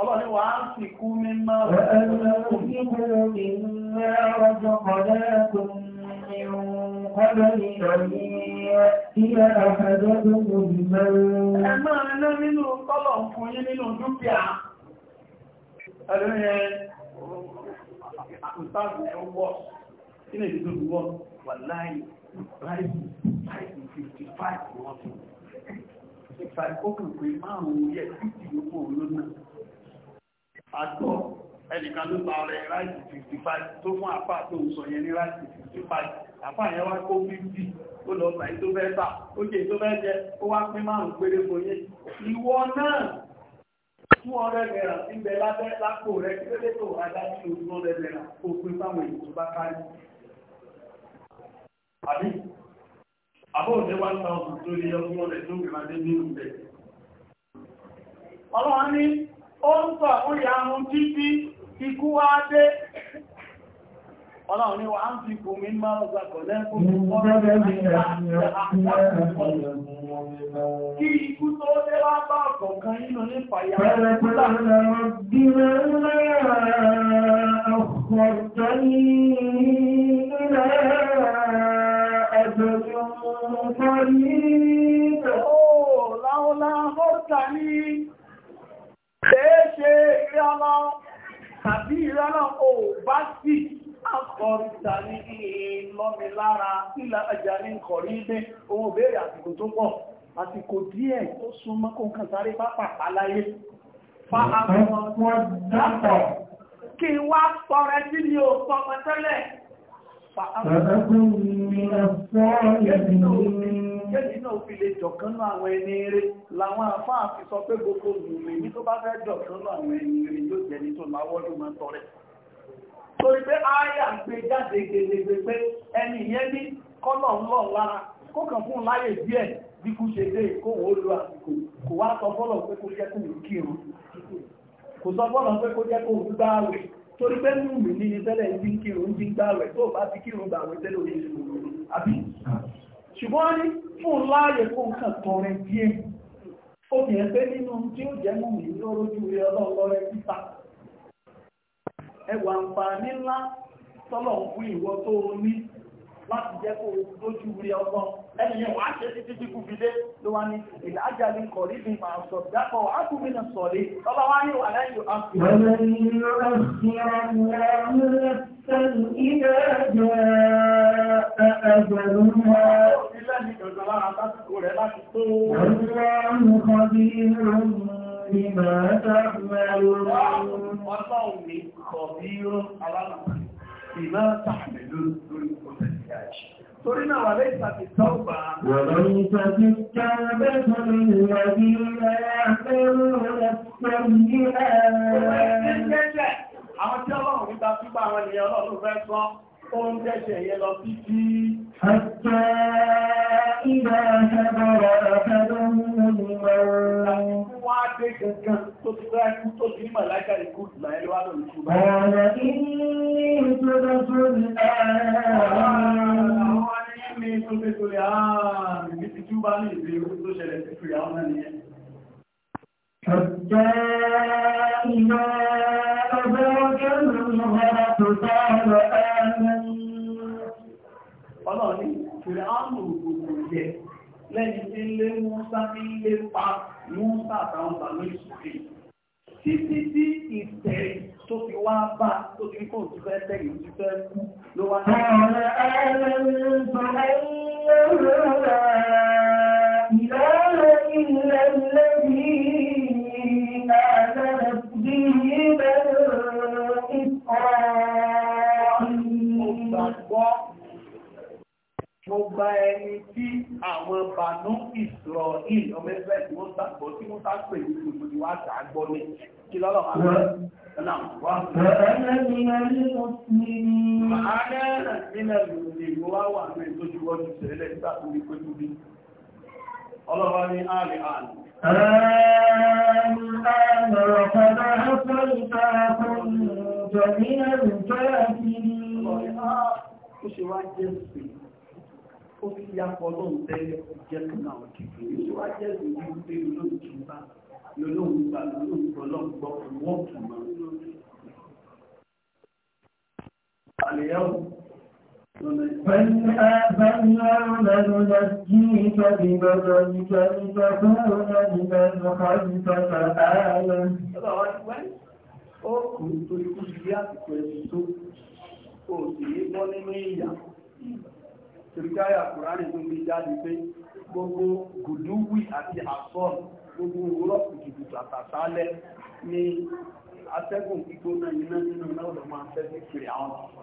Ọlọ́ni wà á fi kú mímọ́ Ẹ máa ná nínú tọ́lọ̀ fún yín nínú dúkìá. Ẹlẹ́rin ẹ, àkùntàbù ẹ wọ́, kí ni ìdíjú wọ́ wà láì ráìsì 55 wọ́n tún. Ìfàìkókùn pé márùn-ún yẹ 50 yóò mọ̀ olónáà àtọ́ ẹnìkan ló ta ọrẹ ráìtì 55 tó fún àpá tó ń sọ yẹn ní ráìtì 55 àpá yẹn wá kó 50 ó lọ bàí tó fẹ́ bà ó jẹ́ tó fẹ́ jẹ ó wá pín márùn péré fòye ìwọ náà fún ọrẹ mẹ́ra ń bẹ lábẹ́ lápò rẹ kí lóde tó ajá sí ojú ọrẹ mẹ́ra ó pín fáwọn èyí tó bá kárí àbí àbọ̀ òde wá ta ọkùn tó lé ọkùn ọrẹ tó gbìyànjú nínú bẹ̀ ọlọ́run ní ó ń tọ̀ ó yà mú títí ikú wá dé ọlọ́run ni wà ń fi kò mí máa ọgbà kọ̀lẹ́ fún oh, ikú tó oh, wá oh, ọ̀kọ̀ọ̀kan nínú nípa ìyàwó Láwọ́lá mọ́ta ní ṣeéṣe ìrẹ́lọ́ tàbí ìrẹ́lọ́ ò bá sí àkọrìta ní ìlọ́mi lára ìlà àjà ní kọ̀rí ilé ohun òbèèrè àsìkò tó pọ̀ àsìkò díẹ̀ tó súnmọ́ kó kàn sáré pápá láyé fa àwọn ọmọ dápọ̀ kí wá sọ̀rẹ́ sí ni ò sọmọ tẹ́lẹ̀ Kéjì náà fi lè jọ̀kánú àwọn ẹni eré làwọn àfáà fi sọ pé gbogbo ìwé ní tó bá fẹ́ jọ̀kánú àwọn ẹni eré yóò jẹ́ ní tó láwọ́dún máa tọrẹ. Torí pé ááyà gbé jáde gẹ̀gẹ̀gẹ̀ pé ẹni ìyẹn ní kọ́lọ̀ ń lọ lára kó kàn fún láyè díẹ̀ bí kú ṣe dé kó wò ó lo àsìkò kò wá sọ fọ́lọ̀ pé kó jẹ́ kó kírun kò sọ fọ́lọ̀ pé kó jẹ́ kó gbáwẹ̀ torí pé ní ìlú ní ìfẹ́lẹ̀ ìbí kírun jí gbáwẹ̀ tó bá ti kírun gbàwẹ̀ tẹ́lò ní ìlú àbí ṣùgbọ́n ní fún láàyè kó nǹkan tọrẹ díẹ̀ ó pé nínú tí ó jẹ́ títà ẹwà àǹfààní ńlá tọ́lọ̀ fún ìwọ láti jẹ́ kó lójú rí ọgbọ́n ẹni yẹn wàá ṣe títí tí kú fi dé ló wá ní ìlà ajáde kọ̀ níbi máa sọ dápọ̀ ákùnrin sọ̀lé ọba wá ní wàlá ìlú ákùnrin Ìgbà tàbí ọlọ́run. Ọlọ́run ní kọ̀ bí ó alára. Ìgbà tàbí lórí torí náà wà lẹ́yìn tàbí tọ́gbà. Wọ̀lọ́ ní tàbí tọ́gbà tọ́lú ìwọ̀dí ẹ̀rẹ́ Àwọn tí ọlọ́run ń ta fígbà àwọn ènìyàn ọlọ́run fẹ́ sọ tó ń dẹ́ṣẹ̀ yẹ lọ sí kí. Àjẹ́ ìgbà ẹgbẹ̀rẹ̀ ẹgbẹ̀rẹ̀ Àwọn ẹni mi tó tẹ́tò lè ààrùn ah, ti túbá tó ṣẹlẹ̀ sí fìyàwó náà حتى إذا أدرك الغرق قال آمنت Ọlọ́run ní ìpìlẹ̀ àmù gbogbo jẹ lẹ́yìn tí lé Mọ́sá ní ilé pa Mọ́sá àtàwọn bàmí ìṣòfin. Títí tí ìtẹ̀ tó fi wá bá tó fi kò tí fẹ́ tẹ̀ yìí ti fẹ́ kú ló wá ní. Ọ̀rẹ́ ẹlẹ́rìn tó ẹ̀yìn lọ́rọ̀ كانت به Mo gba ẹni tí àwọn bànú ìsọ̀rọ̀ ìlú ọmọ ẹgbẹ́ tí wọ́n sàgbọ́ tí wọ́n sàgbọ́ èyí tó gbogbo wá sàgbọ́ ní kí lọ́lọ́ máa rẹ̀ ẹ̀nà wá. Ẹ̀rẹ́ mi náà ní ọ̀sìn ní. Màá ọlọ́wọ́ ní àmì àmì Ó ṣe wá jẹ́ sí, ó fi yapọ̀ lóun tẹ́lẹ̀ jẹ́ náà kìí, ó ṣe wá jẹ́ sí ní pé olóòtú bá, lọ́lọ́run gbà lọ́lọ́run gbọ́lọ́gbọ́ wọ́n kìí máa. Àlèyàn فأنا لننجيك ببدنك لتكون لمن خلفك آية Ọkùnrin tó kú sí àtìkò ẹ̀sùn tó kò sí ní bọ́ nínú ìyà. Tìrìkáyà Kùránì tó gbé jáde pé gbogbo gùdúwì àti àsọ́n gbogbo òwúrọ̀ kùtùkùtù àtàtálẹ́ ni atẹ́gùn gbígbóná iná nínú náà lọ máa fẹ́ sí kiri àwọn ọ̀pọ̀.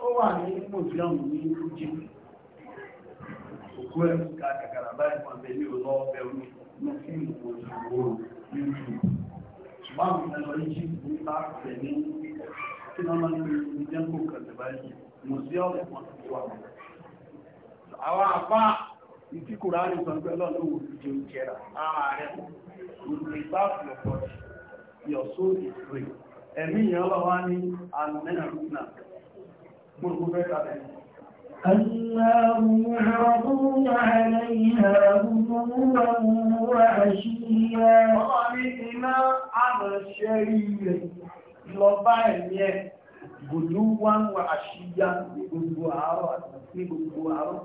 ó wà ní mọ̀sílámù ní ìrújì òkú ẹ̀ ká kàkàrà báyìí wọn bẹ̀ ní ọlọ́ ọbẹ̀ de ní fíìmù òṣìwò yìí ṣùgbọ́n àwọn ẹ̀lọ́ yìí ní de pẹ̀ ní kí wọ́n máa de museu de jẹ́kò de yìí de wọn ti wà àwọn o ìtí kùránì de pé ọlọ́run wò de jẹun jẹrà ààrẹ òṣèlú bá fún ọ̀pọ̀ de sóòdì free ẹ̀mí ìyẹn ọlọ́wọ́ ní àmì mẹ́rin rúnà النار يعرضون عليها غدوا وعشيا وعلينا على الشيء لبعض غدوا وعشيا غدوا عرض غدوا عرض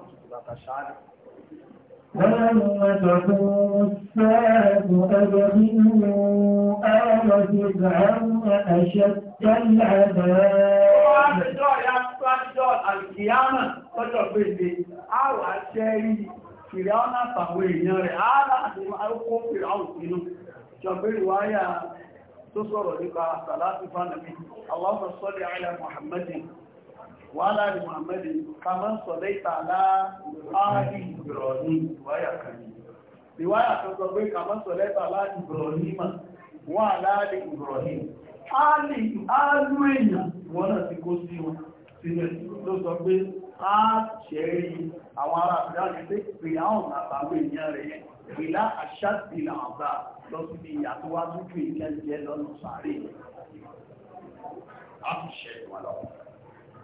ويوم تقوم الساعة أدخلوا آل فرعون أشد العذاب. Àlùkìyámà tọ́jọ́ pèsè, a wà ṣẹ́ rí Fìràúnà pàwọn èèyàn rẹ̀, a láti máa kó Fìràún sínú. Ṣọ̀bẹ̀rì wáyà tó sọ̀rọ̀ nípa Sàlátì Fánàbí, Allah sọ́lẹ̀ àìlà Mùhàmmadin, wàhálà rí Muhammad kàmọ́ sọ̀dẹ́ ìtàlá áàdì ìbìrọ̀ní ìwáyà kan ìwáyà kan sọ pé kàmọ́ sọ̀dẹ́ ìtàlá ìbìrọ̀ní mà wọ́n aláàdì ìbìrọ̀ní áàlì áàlú èèyàn wọ́n náà ti kó sí wọn sílẹ̀ ló sọ pé á ṣẹ̀rí àwọn ará àbúrá pé pé àwọn àtàwọn èèyàn rẹ̀ yẹn ìlà àṣàtìlà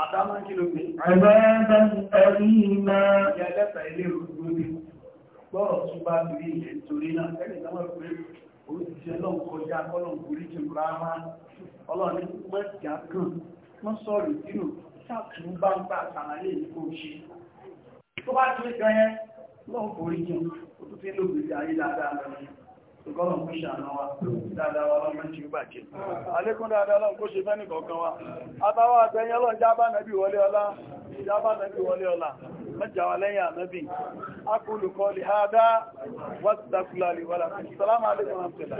Àdámá kí ló gbé? Àbáyá tàbí iná. Ìyá ẹlẹ́ta ilé rúgbó ní gbọ́rọ̀ tún bá bí ilẹ̀ torí náà ẹni tánwà pé oríṣiṣẹ́ lọ́n kọjá kọ́lọ̀n orí ti rámá. Ọlọ́ni mọ́jà kan, wọ́n sọ̀rọ̀ dínú Ìgọ́rùn kó ṣe àná wa, hmm. dáadáa wa lọ́mọ tí ó bàjẹ́. Alékún hmm. dáadáa lọ́n kó ṣe fẹ́nì kọ̀ọ̀kan wa. Àtàwà àtẹ́yẹ lọ́n jábá nẹ́bí wọlé ọlá, jábá nẹ́bí wọlé ọlá, mẹ́jà wa lẹ́yìn ànẹ́bí. A kò lùkọ́ lè ha dá wọ́n dákùlá lè wọ́lá. Sàlámà alékún